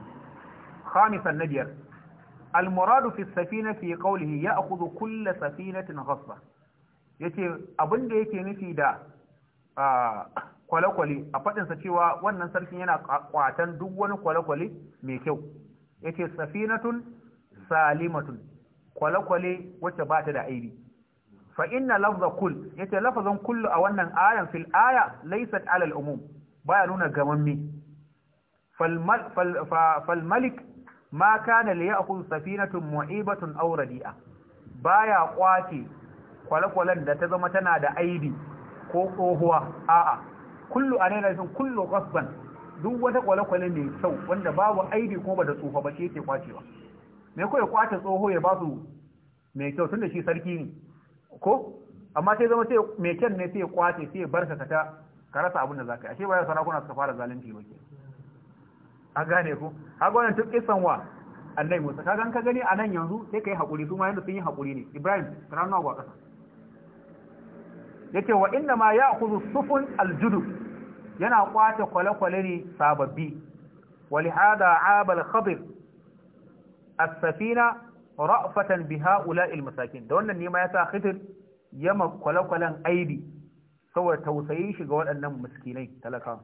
khamisan na biyar Almuradu fi safina ya qawlihi ya'khudhu kull safinatin ghasba yace abinda yake nufi da kwale-kwale a fadin sa cewa wannan sarkin yana kwatan duk wani kwale-kwale mai kyau yace safinatun salimatun kwale-kwale wacce ba ta da aibi fa inna lafza kull yace lafazan kullu a wannan ayan fil aya laysat ala al-umum baya nuna gamamme fal malik ma kana li ya'khudh safinatun mu'ibatun aw radi'a baya kwace kwalkwalan da ta zama tana da aibi ko tsohuwa a'a kullu alaina sun kullu qasban duk wata kwalkwalan ne kyau wanda babu aibi ko ba da tsufa ba ke yake kwacewa me ko ya kwace tsoho ya ba su mai kyau tunda shi sarki ne ko amma sai zama sai mai kyan ne sai ya kwace sai ya barka ka ta ka rasa abin da zaka yi ashe ba ya sarakuna suka fara zalunci ba kenan a gane ku haka wannan kisan wa annai musa kaga ka gani a nan yanzu sai ka yi haƙuri su ma sun yi haƙuri ne ibrahim sanannu agwa ƙasa ya ce wa inda ma ya kuzu sufun aljudu yana kwace kwale-kwale ne sababbi wali hada abal khadir a safina ra'fatan bi ha'ula'il masakin da wannan nema sa khidir yama kwale-kwalen aibi saboda tausayin shi ga waɗannan miskinai talakawa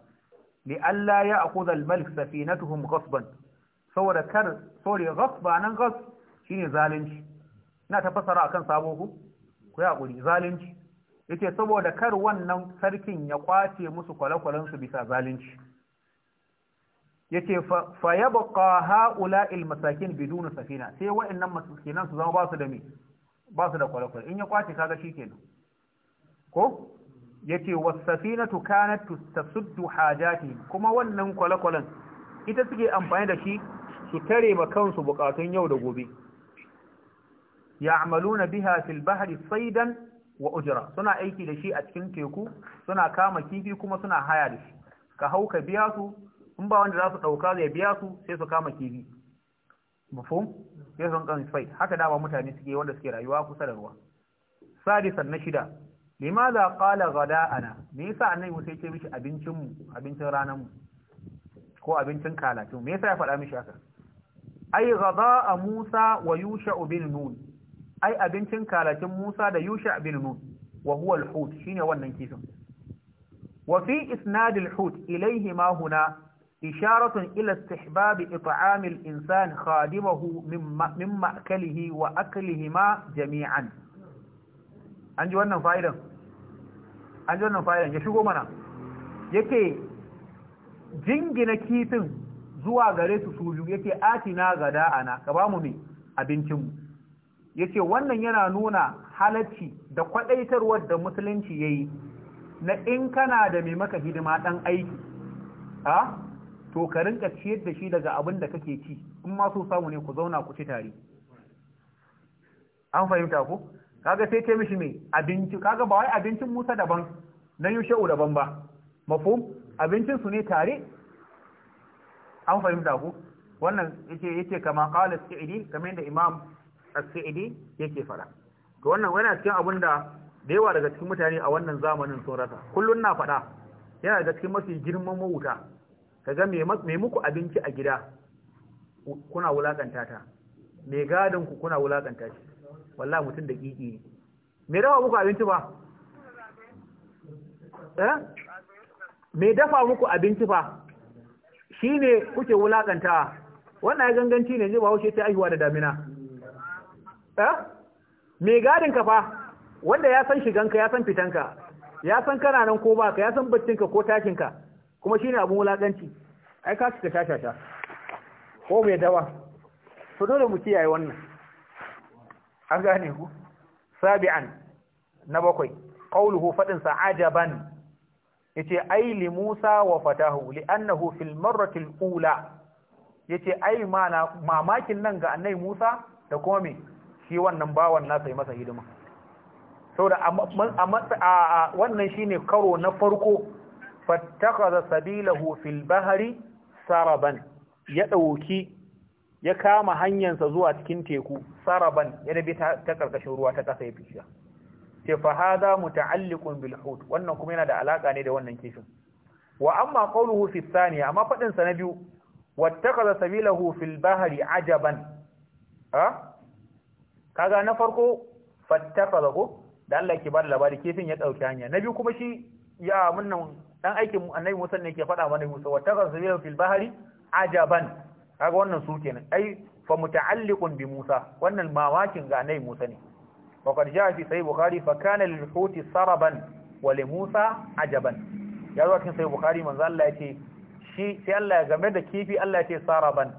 li Allah ya akuza al-malik safinatuhum ghasban saboda kar sori ghasba nan ghas shine zalunci ina ta fasara akan sabo ku ku ya hakuri zalunci yace saboda kar wannan sarkin ya kwace musu kwale su bisa zalunci yace fa yabqa haula al-masakin bidun safina sai wa'annan masakinan su zama ba su da me ba su da kwale in ya kwace kaga shikenan ko yace was-safinatu kanat tasuddu hajati kuma wannan kwalakwalan ita suke amfani da shi su tare ma kansu bukatun yau da gobe ya'maluna biha fil bahri saydan wa ujra suna aiki da shi a cikin teku suna kama kifi kuma suna haya da shi ka hauka biya su in ba wanda za su dauka zai biya su sai su kama kifi mafhum sai sun kan sai haka da dama mutane suke wanda suke rayuwa kusa da ruwa sadisan na shida limaza qala ghada'ana me yasa annabi Musa yake mishi abincin mu abincin ranar mu ko abincin kalatin me yasa ya faɗa mishi haka ai ghada'a Musa wa Yusha bin Nun ai abincin kalatin Musa da Yusha bin Nun wa huwa al-hut shine wannan kifin wa fi isnad al-hut ilayhi ma huna isharatun ila istihbab it'am al-insan khadimahu mimma akalihi wa aklihima jami'an an ji wannan fa'idan an ji wannan fa'idan ya shigo mana yake jingina kifin zuwa gare su su biyu yake atina gada ana ka ba mu me abincinmu yace wannan yana nuna halacci da kwadaitarwar da musulunci yayi na in kana da mai maka hidima ɗan aiki a to ka rinka ciyar da shi daga abin da kake ci in ma samu ne ku zauna ku ci tare an fahimta ku. kaga sai ce mishi ne, abinci kaga ba wai abincin Musa daban na Yusha'u daban ba mafhum abincin su ne tare an fahimta ku wannan yake yake kama qala sa'idi kamar da Imam as-Sa'idi yake fara to wannan yana cikin abin da da yawa daga cikin mutane a wannan zamanin sun rasa kullun na faɗa yana daga cikin mafi girman mawuta kaga me me muku abinci a gida kuna wulakanta ta me gadon ku kuna wulakanta shi wallahi mutum da kiki me dafa muku abinci ba eh me dafa muku abinci fa shine kuke wulakanta wannan ya ganganci ne ji ba wuce ta aihuwa da damina eh me gadin ka fa wanda ya san shiganka ya san fitanka ya san kana nan ko baka ya san baccinka ko takinka kuma shine abun wulakanci ai ka cika tashasha ko mai dawa to dole mu kiyaye wannan an gane ku sabi'an na bakwai qawluhu fadin sa ajaban yace ai li Musa wa fatahu li annahu fil marrati al-ula yace ai mana mamakin nan ga annai Musa da kuma me shi wannan bawan na sai masa hidima saboda a wannan shine karo na farko fattakhadha sabilahu fil bahri saraban ya dauki ya kama hanyarsa zuwa cikin teku saraban ya dabi ta karkashin ruwa ta kasa ya fishiya ce fa hada muta'alliqun bil hut wannan kuma yana da alaka ne da wannan kishin wa amma qawluhu fi thaniya amma fadin sa na biyu wattakaza sabilahu fil bahri ajaban ha kaga na farko fattakaza ko da Allah ke bada labari kifin ya dauki hanya na biyu kuma shi ya munnan dan aikin annabi Musa ne ke fada mana Musa wattakaza sabilahu fil bahri ajaban kaga wannan su kenan ai fa muta'alliqun bi Musa wannan mawakin ga nai Musa ne wa qad jaa fi sahih bukhari fa kana lil huti saraban wa li Musa ajaban ya zo cikin sahih bukhari manzo Allah ya shi sai Allah ya game da kifi Allah ya ce saraban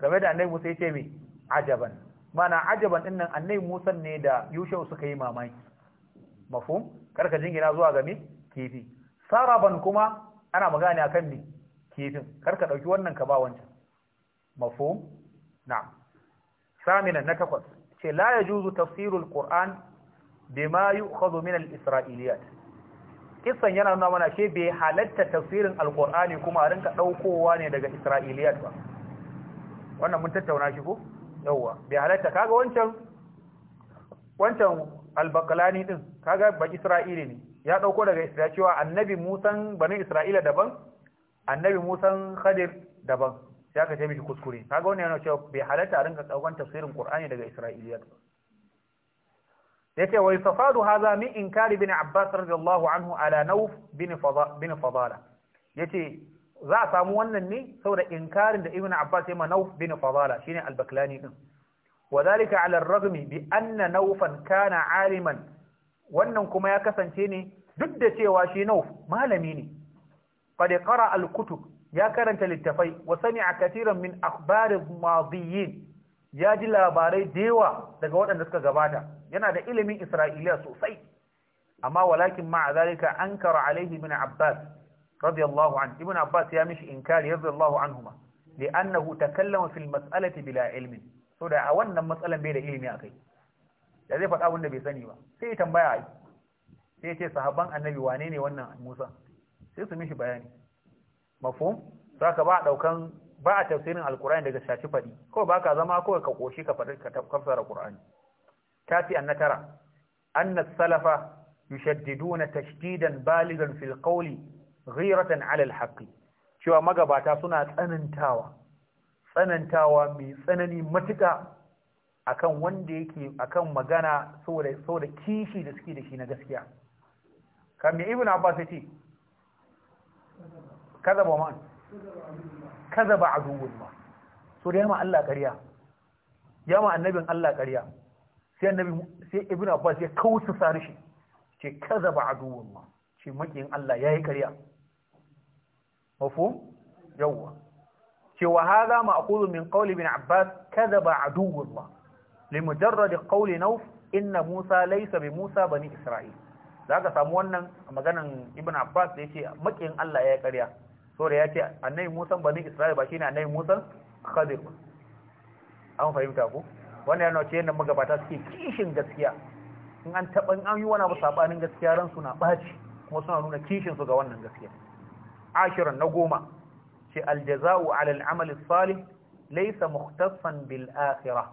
game da annabi Musa ya ce me ajaban mana ajaban din nan annabi Musa ne da Yusha suka yi mamaki mafhum karka jingina zuwa ga me kifi saraban kuma ana magana akan ne kifin karka dauki wannan ka ba wancan mafhum na'am na takwas ce la yajuzu tafsirul qur'an bima yu'khadhu min al-isra'iliyat kisan yana nuna mana ke bai halatta tafsirin Alkur'ani kuma a rinka daukowa ne daga isra'iliyat ba wannan mun tattauna shi ko yawa bai halatta kaga wancan wancan albaqalani din kaga ba isra'ili ne ya ɗauko daga isra'ila cewa annabi musan bani isra'ila daban annabi musan khadir daban sai aka ce kuskure kaga wannan yana cewa bai halatta a rinka daukan tafsirin Qur'ani daga Isra'iliya yace wa yastafadu hadha min inkar ibn Abbas radiyallahu anhu ala Nawf bin Fadala yace za a samu wannan ne saboda inkarin da Ibn Abbas ya ma Nawf bin Fadala shine al-Baklani din wadhalika ala ar-ragmi bi anna Nawfan kana aliman wannan kuma ya kasance ne duk da cewa shi Nawf malami ne qad qara al-kutub ya karanta littafai wa sami'a katiran min akhbari madiyin ya ji labarai da yawa daga waɗanda suka gabata yana da ilimin isra'iliya sosai amma walakin ma'a zalika ankara alaihi min abbas radiyallahu an ibn abbas ya mishi inkari radiyallahu annahu ta kallama fil matsalati bila ilmin so da a wannan matsalan bai da ilimi kai. da zai faɗa wanda bai sani ba sai ya tambaya sai ya ce sahabban annabi wane ne wannan musa sai su mishi bayani za ka ba a daukan ba a tafsirin alqur'ani daga shafi faɗi, ko ba ka zama ko ka koshi ka fadi ka tafsira alqur'ani tafi an natara anna salafa na tashdidan baligan fil qawli ghiratan ala cewa magabata suna tsanantawa tsanantawa mai tsanani matuka akan wanda yake akan magana saboda saboda kishi da suke da shi na gaskiya kamar ibnu abbas yace kaza ba man kaza ba aduwun ma so da yama Allah ƙarya yama annabin Allah ƙarya sai annabi sai ibn abbas ya kausa sarishi ce kaza ba aduwun ma ce makiyin Allah yayi ƙarya mafhum yawwa ce wa hadha ma'qulu min qawli ibn abbas kaza ba aduwun ma limujarrad qawli nauf inna musa laysa bi musa bani isra'il zaka samu wannan maganan ibn abbas da yace makiyin Allah yayi ƙarya saboda ya ce annabi Musa bani Isra'il ba shi ne annabi Musa Khadir ba an fahimta ko wannan yana ce yanda magabata suke kishin gaskiya in an taɓa in an yi wani abu sabanin gaskiya ran suna ɓaci kuma suna nuna kishin su ga wannan gaskiya ashirin na goma ce aljaza'u ala al'amal salih laysa mukhtassan bil akhirah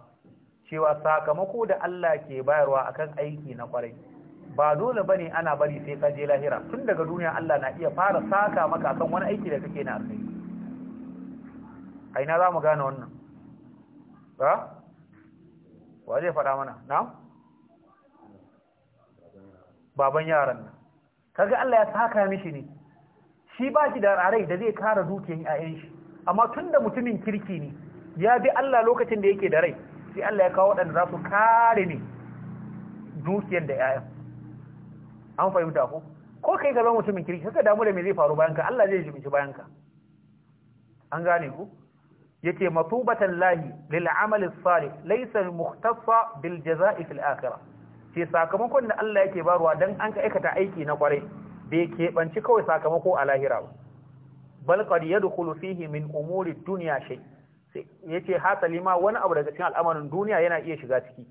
cewa sakamako da Allah ke bayarwa akan aiki na kwarai ba dole bane ana bari sai ka je lahira tun daga duniya Allah na iya fara saka maka kan wani aiki da kake na arziki aina za mu gane wannan ba wa zai faɗa mana na baban yaran nan kaga Allah ya saka mishi ne shi ba shi da rarai da zai kara dukiyar ƴaƴan shi amma tunda mutumin kirki ne ya bi Allah lokacin da yake da rai sai Allah ya kawo waɗanda za su kare ne dukiyar da ƴaƴan an fahimta ko ko kai ka mutumin kirki kaka damu da me zai faru bayan ka Allah zai jimici bayan ka an gane ku yace matubatan lahi lil amali salih laysa mukhtassa bil jazaa'i fil akhirah ce sakamakon da Allah yake barwa dan an ka aikata aiki na kwarai bai keɓanci kawai sakamako a lahira ba bal qad yadkhulu fihi min umuri dunya shay yace hasali ma wani abu daga cikin al'amarin duniya yana iya shiga ciki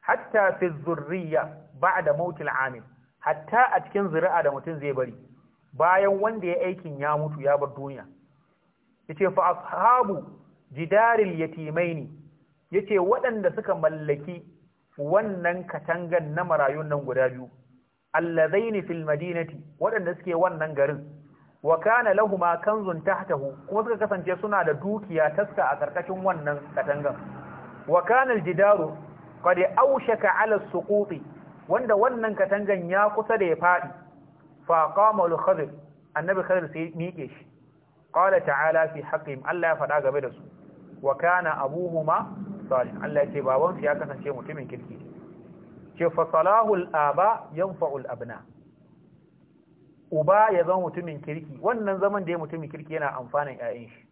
hatta fi zurriya ba'da mautil amil hatta a cikin zuri'a da mutum zai bari bayan wanda ya aikin ya mutu ya bar duniya yace fa ashabu jidaril yatimaini yace waɗanda suka mallaki wannan katangan na marayun nan guda biyu allazaini fil madinati waɗanda suke wannan garin wa kana lahumu kanzun tahtahu kuma suka kasance suna da dukiya taska a karkashin wannan katangan wa kana aljidaru qad awshaka ala suquti wanda wannan katangan ya kusa da ya faɗi fa qama al-khadir annabi khadir sai miƙe shi qala ta'ala fi haqqihim Allah ya faɗa game da su wa kana abuhuma salih Allah ya ce baban su ya kasance mutumin kirki ce fa salahu al-aba yanfa'u al-abna uba ya zama mutumin kirki wannan zaman da ya mutumin kirki yana amfanin ƴaƴan shi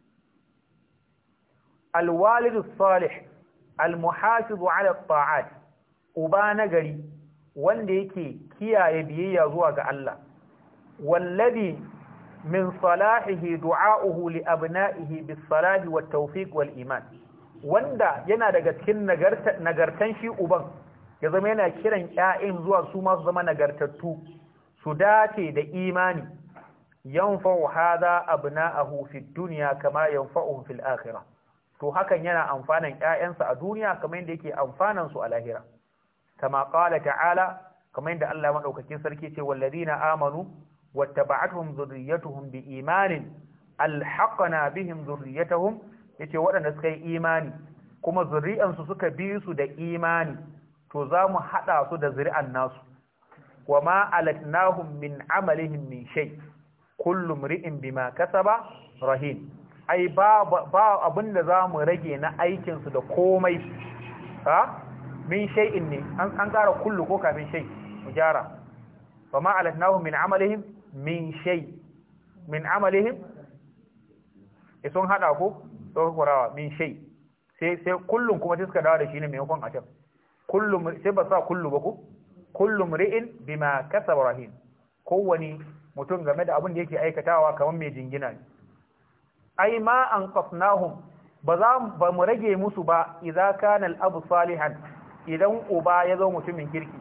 al-walidu salih al-muhasibu ala at-ta'at uba nagari wanda yake kiyaye biyayya zuwa ga Allah wallabi min salahihi du'a'uhu li abna'ihi bis salahi wat tawfiq wal iman wanda yana daga cikin nagartan shi uban ya zama yana kiran ƴaƴan zuwa su masu zama nagartattu su dace da imani yanfa'u hadha abna'ahu fid dunya kama yanfa'uhum fil akhirah to hakan yana amfanan ƴaƴansa a duniya kamar yadda yake amfanan su a lahira kama qala ta'ala kamar yadda Allah madaukakin sarki ce wallazina amanu wattaba'atuhum dhurriyyatuhum biimanin alhaqna bihim dhurriyyatuhum yace waɗanda suka yi imani kuma su suka bi su da imani to za mu haɗa su da zuri'an nasu wa ma alatnahum min amalihim min shay kullu mri'in bima kasaba rahin ai ba ba abinda za mu rage na aikin su da komai ha min shay'in ne an kara kullu ko kafin shay mujara fa ma alatnahu min amalihim min shay min amalihim e sun hada ko to kurawa min shay sai sai kullun kuma sai suka dawo da shi ne maimakon a can kullum sai ba sa kullu ba ko kullum ri'in bima kasaba rahin kowani mutum game da abin da yake aikatawa kamar mai jingina ne ai ma an qasnahum ba za ba mu rage musu ba idza kana al-abu salihan idan uba ya zo mutumin kirki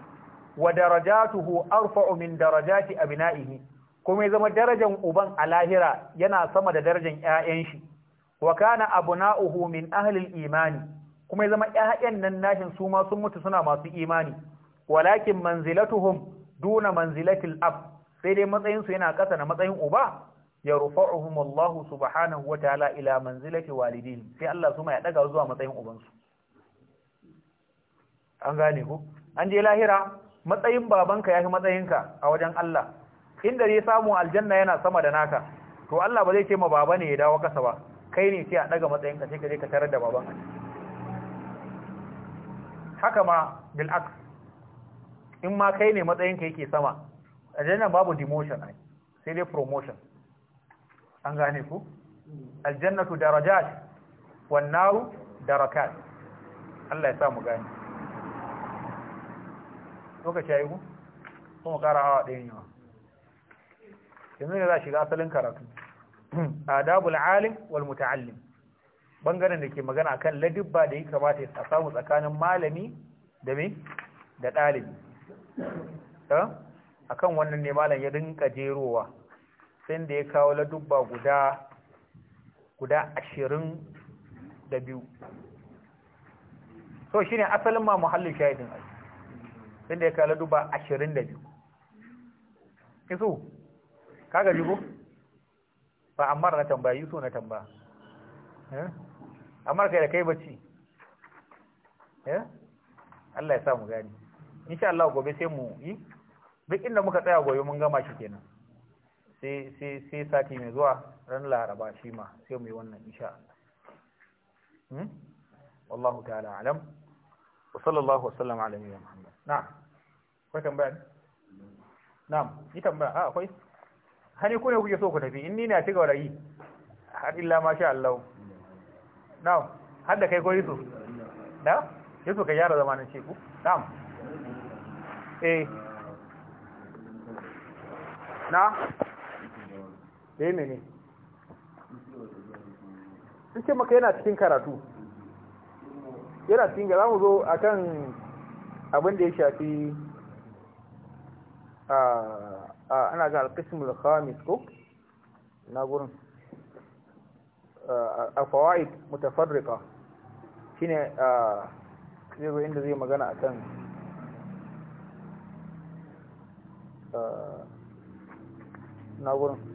wa darajatuhu arfa'u min darajati abna'ihi kuma ya zama darajan uban a lahira yana sama da darajan ƴaƴan shi wa kana abna'uhu min ahli imani kuma ya zama ƴaƴan nan nashin su ma sun mutu suna masu imani walakin manzilatuhum duna manzilatil ab sai dai matsayin su yana ƙasa na matsayin uba ya rufa'uhum Allah subhanahu wa ta'ala ila manzilati walidin sai Allah su ma ya daga zuwa matsayin ubansu an gane ku an je lahira matsayin babanka yafi matsayinka a wajen Allah inda zai samu aljanna yana sama da naka to Allah ba zai ce ma baba ne ya dawo kasa ba kai ne sai a daga matsayinka sai ka je ka tarar da babanka haka ma bil aks in ma kai ne matsayinka yake sama aljanna babu demotion ai sai dai promotion an gane ku aljannatu darajat wan naru darakat Allah ya sa mu gane lokaci ya yi ku kuma kara awa ɗaya ne ma yanzu ne za a shiga asalin karatu adabul alim wal muta'allim bangaren da ke magana akan ladibba da ya kamata ya samu tsakanin malami da me da ɗalibi eh? akan wannan ne malam ya dinga jerowa sai da ya kawo ladibba guda guda ashirin da biyu so ne asalin ma muhallin shahidin ai sai ya kala duba ashirin da biyu isu kaga jigo ba amma na tambaya yusu na tambaya eh? amma kai da kai bacci eh? Allah ya sa mu gani insha Allah gobe sai mu yi duk inda muka tsaya gobe mun gama shi kenan sai sai sai sati mai zuwa ran laraba shi ma sai mu yi wannan insha Allah hmm? wallahu ta'ala alam wa sallallahu wa sallama ala nabiyyina muhammad Na akwai tambaya ne na'am yi tambaya a akwai hani ku ne kuke so ku tafi in ni na ci gaba da yi har illa ma sha Allah Na har da kai ko Yusuf na Yusuf kai yara zamanin ce ku na eh na eh ne. sun ce maka yana cikin karatu yana cikin ga za mu zo akan abin da ya shafi ana ga alkismul khamis ko na gurin a fawaid mutafarrika shine zai inda zai magana a na gurin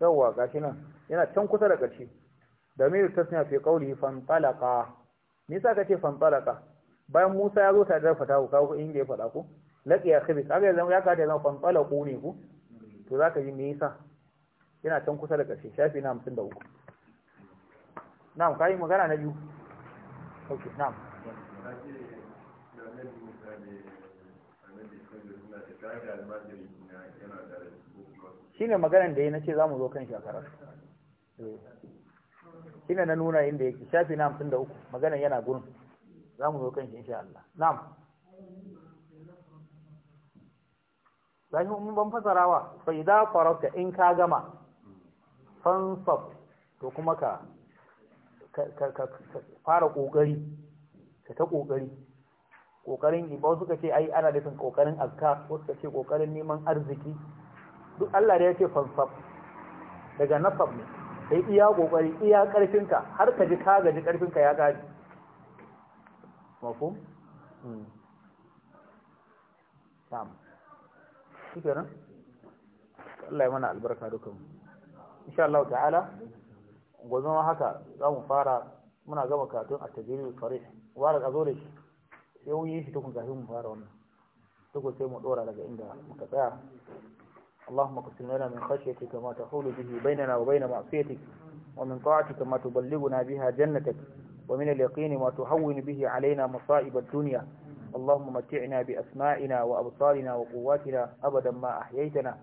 yawwa gashi nan yana can kusa da ƙarshe da yi tasniya fi qawli fantalaka me yasa kace fantalaka bayan Musa ya zo ta da ku ka ko inda ya fada ku laƙi ya kabi yanzu ya kace zan fantalaku ne ku to ka yi me yasa yana can kusa da ƙarshe shafi na 53 na'am kai magana na biyu ok na'am Thank shine maganan da ya nace za mu zo kan shi a eh. shine na nuna inda yake shafi na hamsin da uku maganan yana gurin za mu zo kan shi insha Allah na'am zahi mun ban fasarawa fa idza faraka in ka gama fansab to kuma ka ka fara kokari ka ta kokari kokarin ibo suka ce ai ana nufin kokarin aska, wasu suka ce kokarin neman arziki duk Allah da ya ce fansab daga nasab ne sai iya kokari iya karfinka har ka ji ka gaji karfinka ya gaji mafhum tam hmm. shike nan Allah ya mana albarka dukan insha Allah ta'ala gozo ma haka za mu fara muna gama katun a tajiri sarih wara ka zo da shi sai mun yi shi tukun kafin mu fara wannan tukun sai mu dora daga inda muka tsaya اللهم اقسم لنا من خشيتك ما تحول به بيننا وبين معصيتك ومن طاعتك ما تبلغنا بها جنتك ومن اليقين ما تهون به علينا مصائب الدنيا اللهم متعنا بأسمائنا وأبصارنا وقواتنا أبدا ما أحييتنا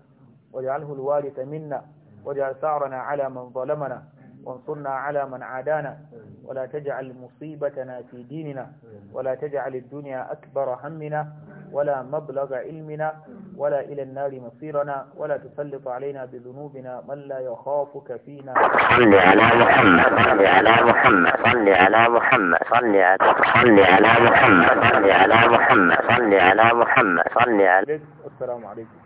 واجعله الوارث منا واجعل ثارنا على من ظلمنا وانصرنا على من عادانا ولا تجعل مصيبتنا في ديننا ولا تجعل الدنيا أكبر همنا ولا مبلغ علمنا ولا إلى النار مصيرنا ولا تسلط علينا بذنوبنا من لا يخافك فينا صل على محمد صل على محمد صل على محمد صل على محمد صل على محمد صل على محمد صل على السلام عليكم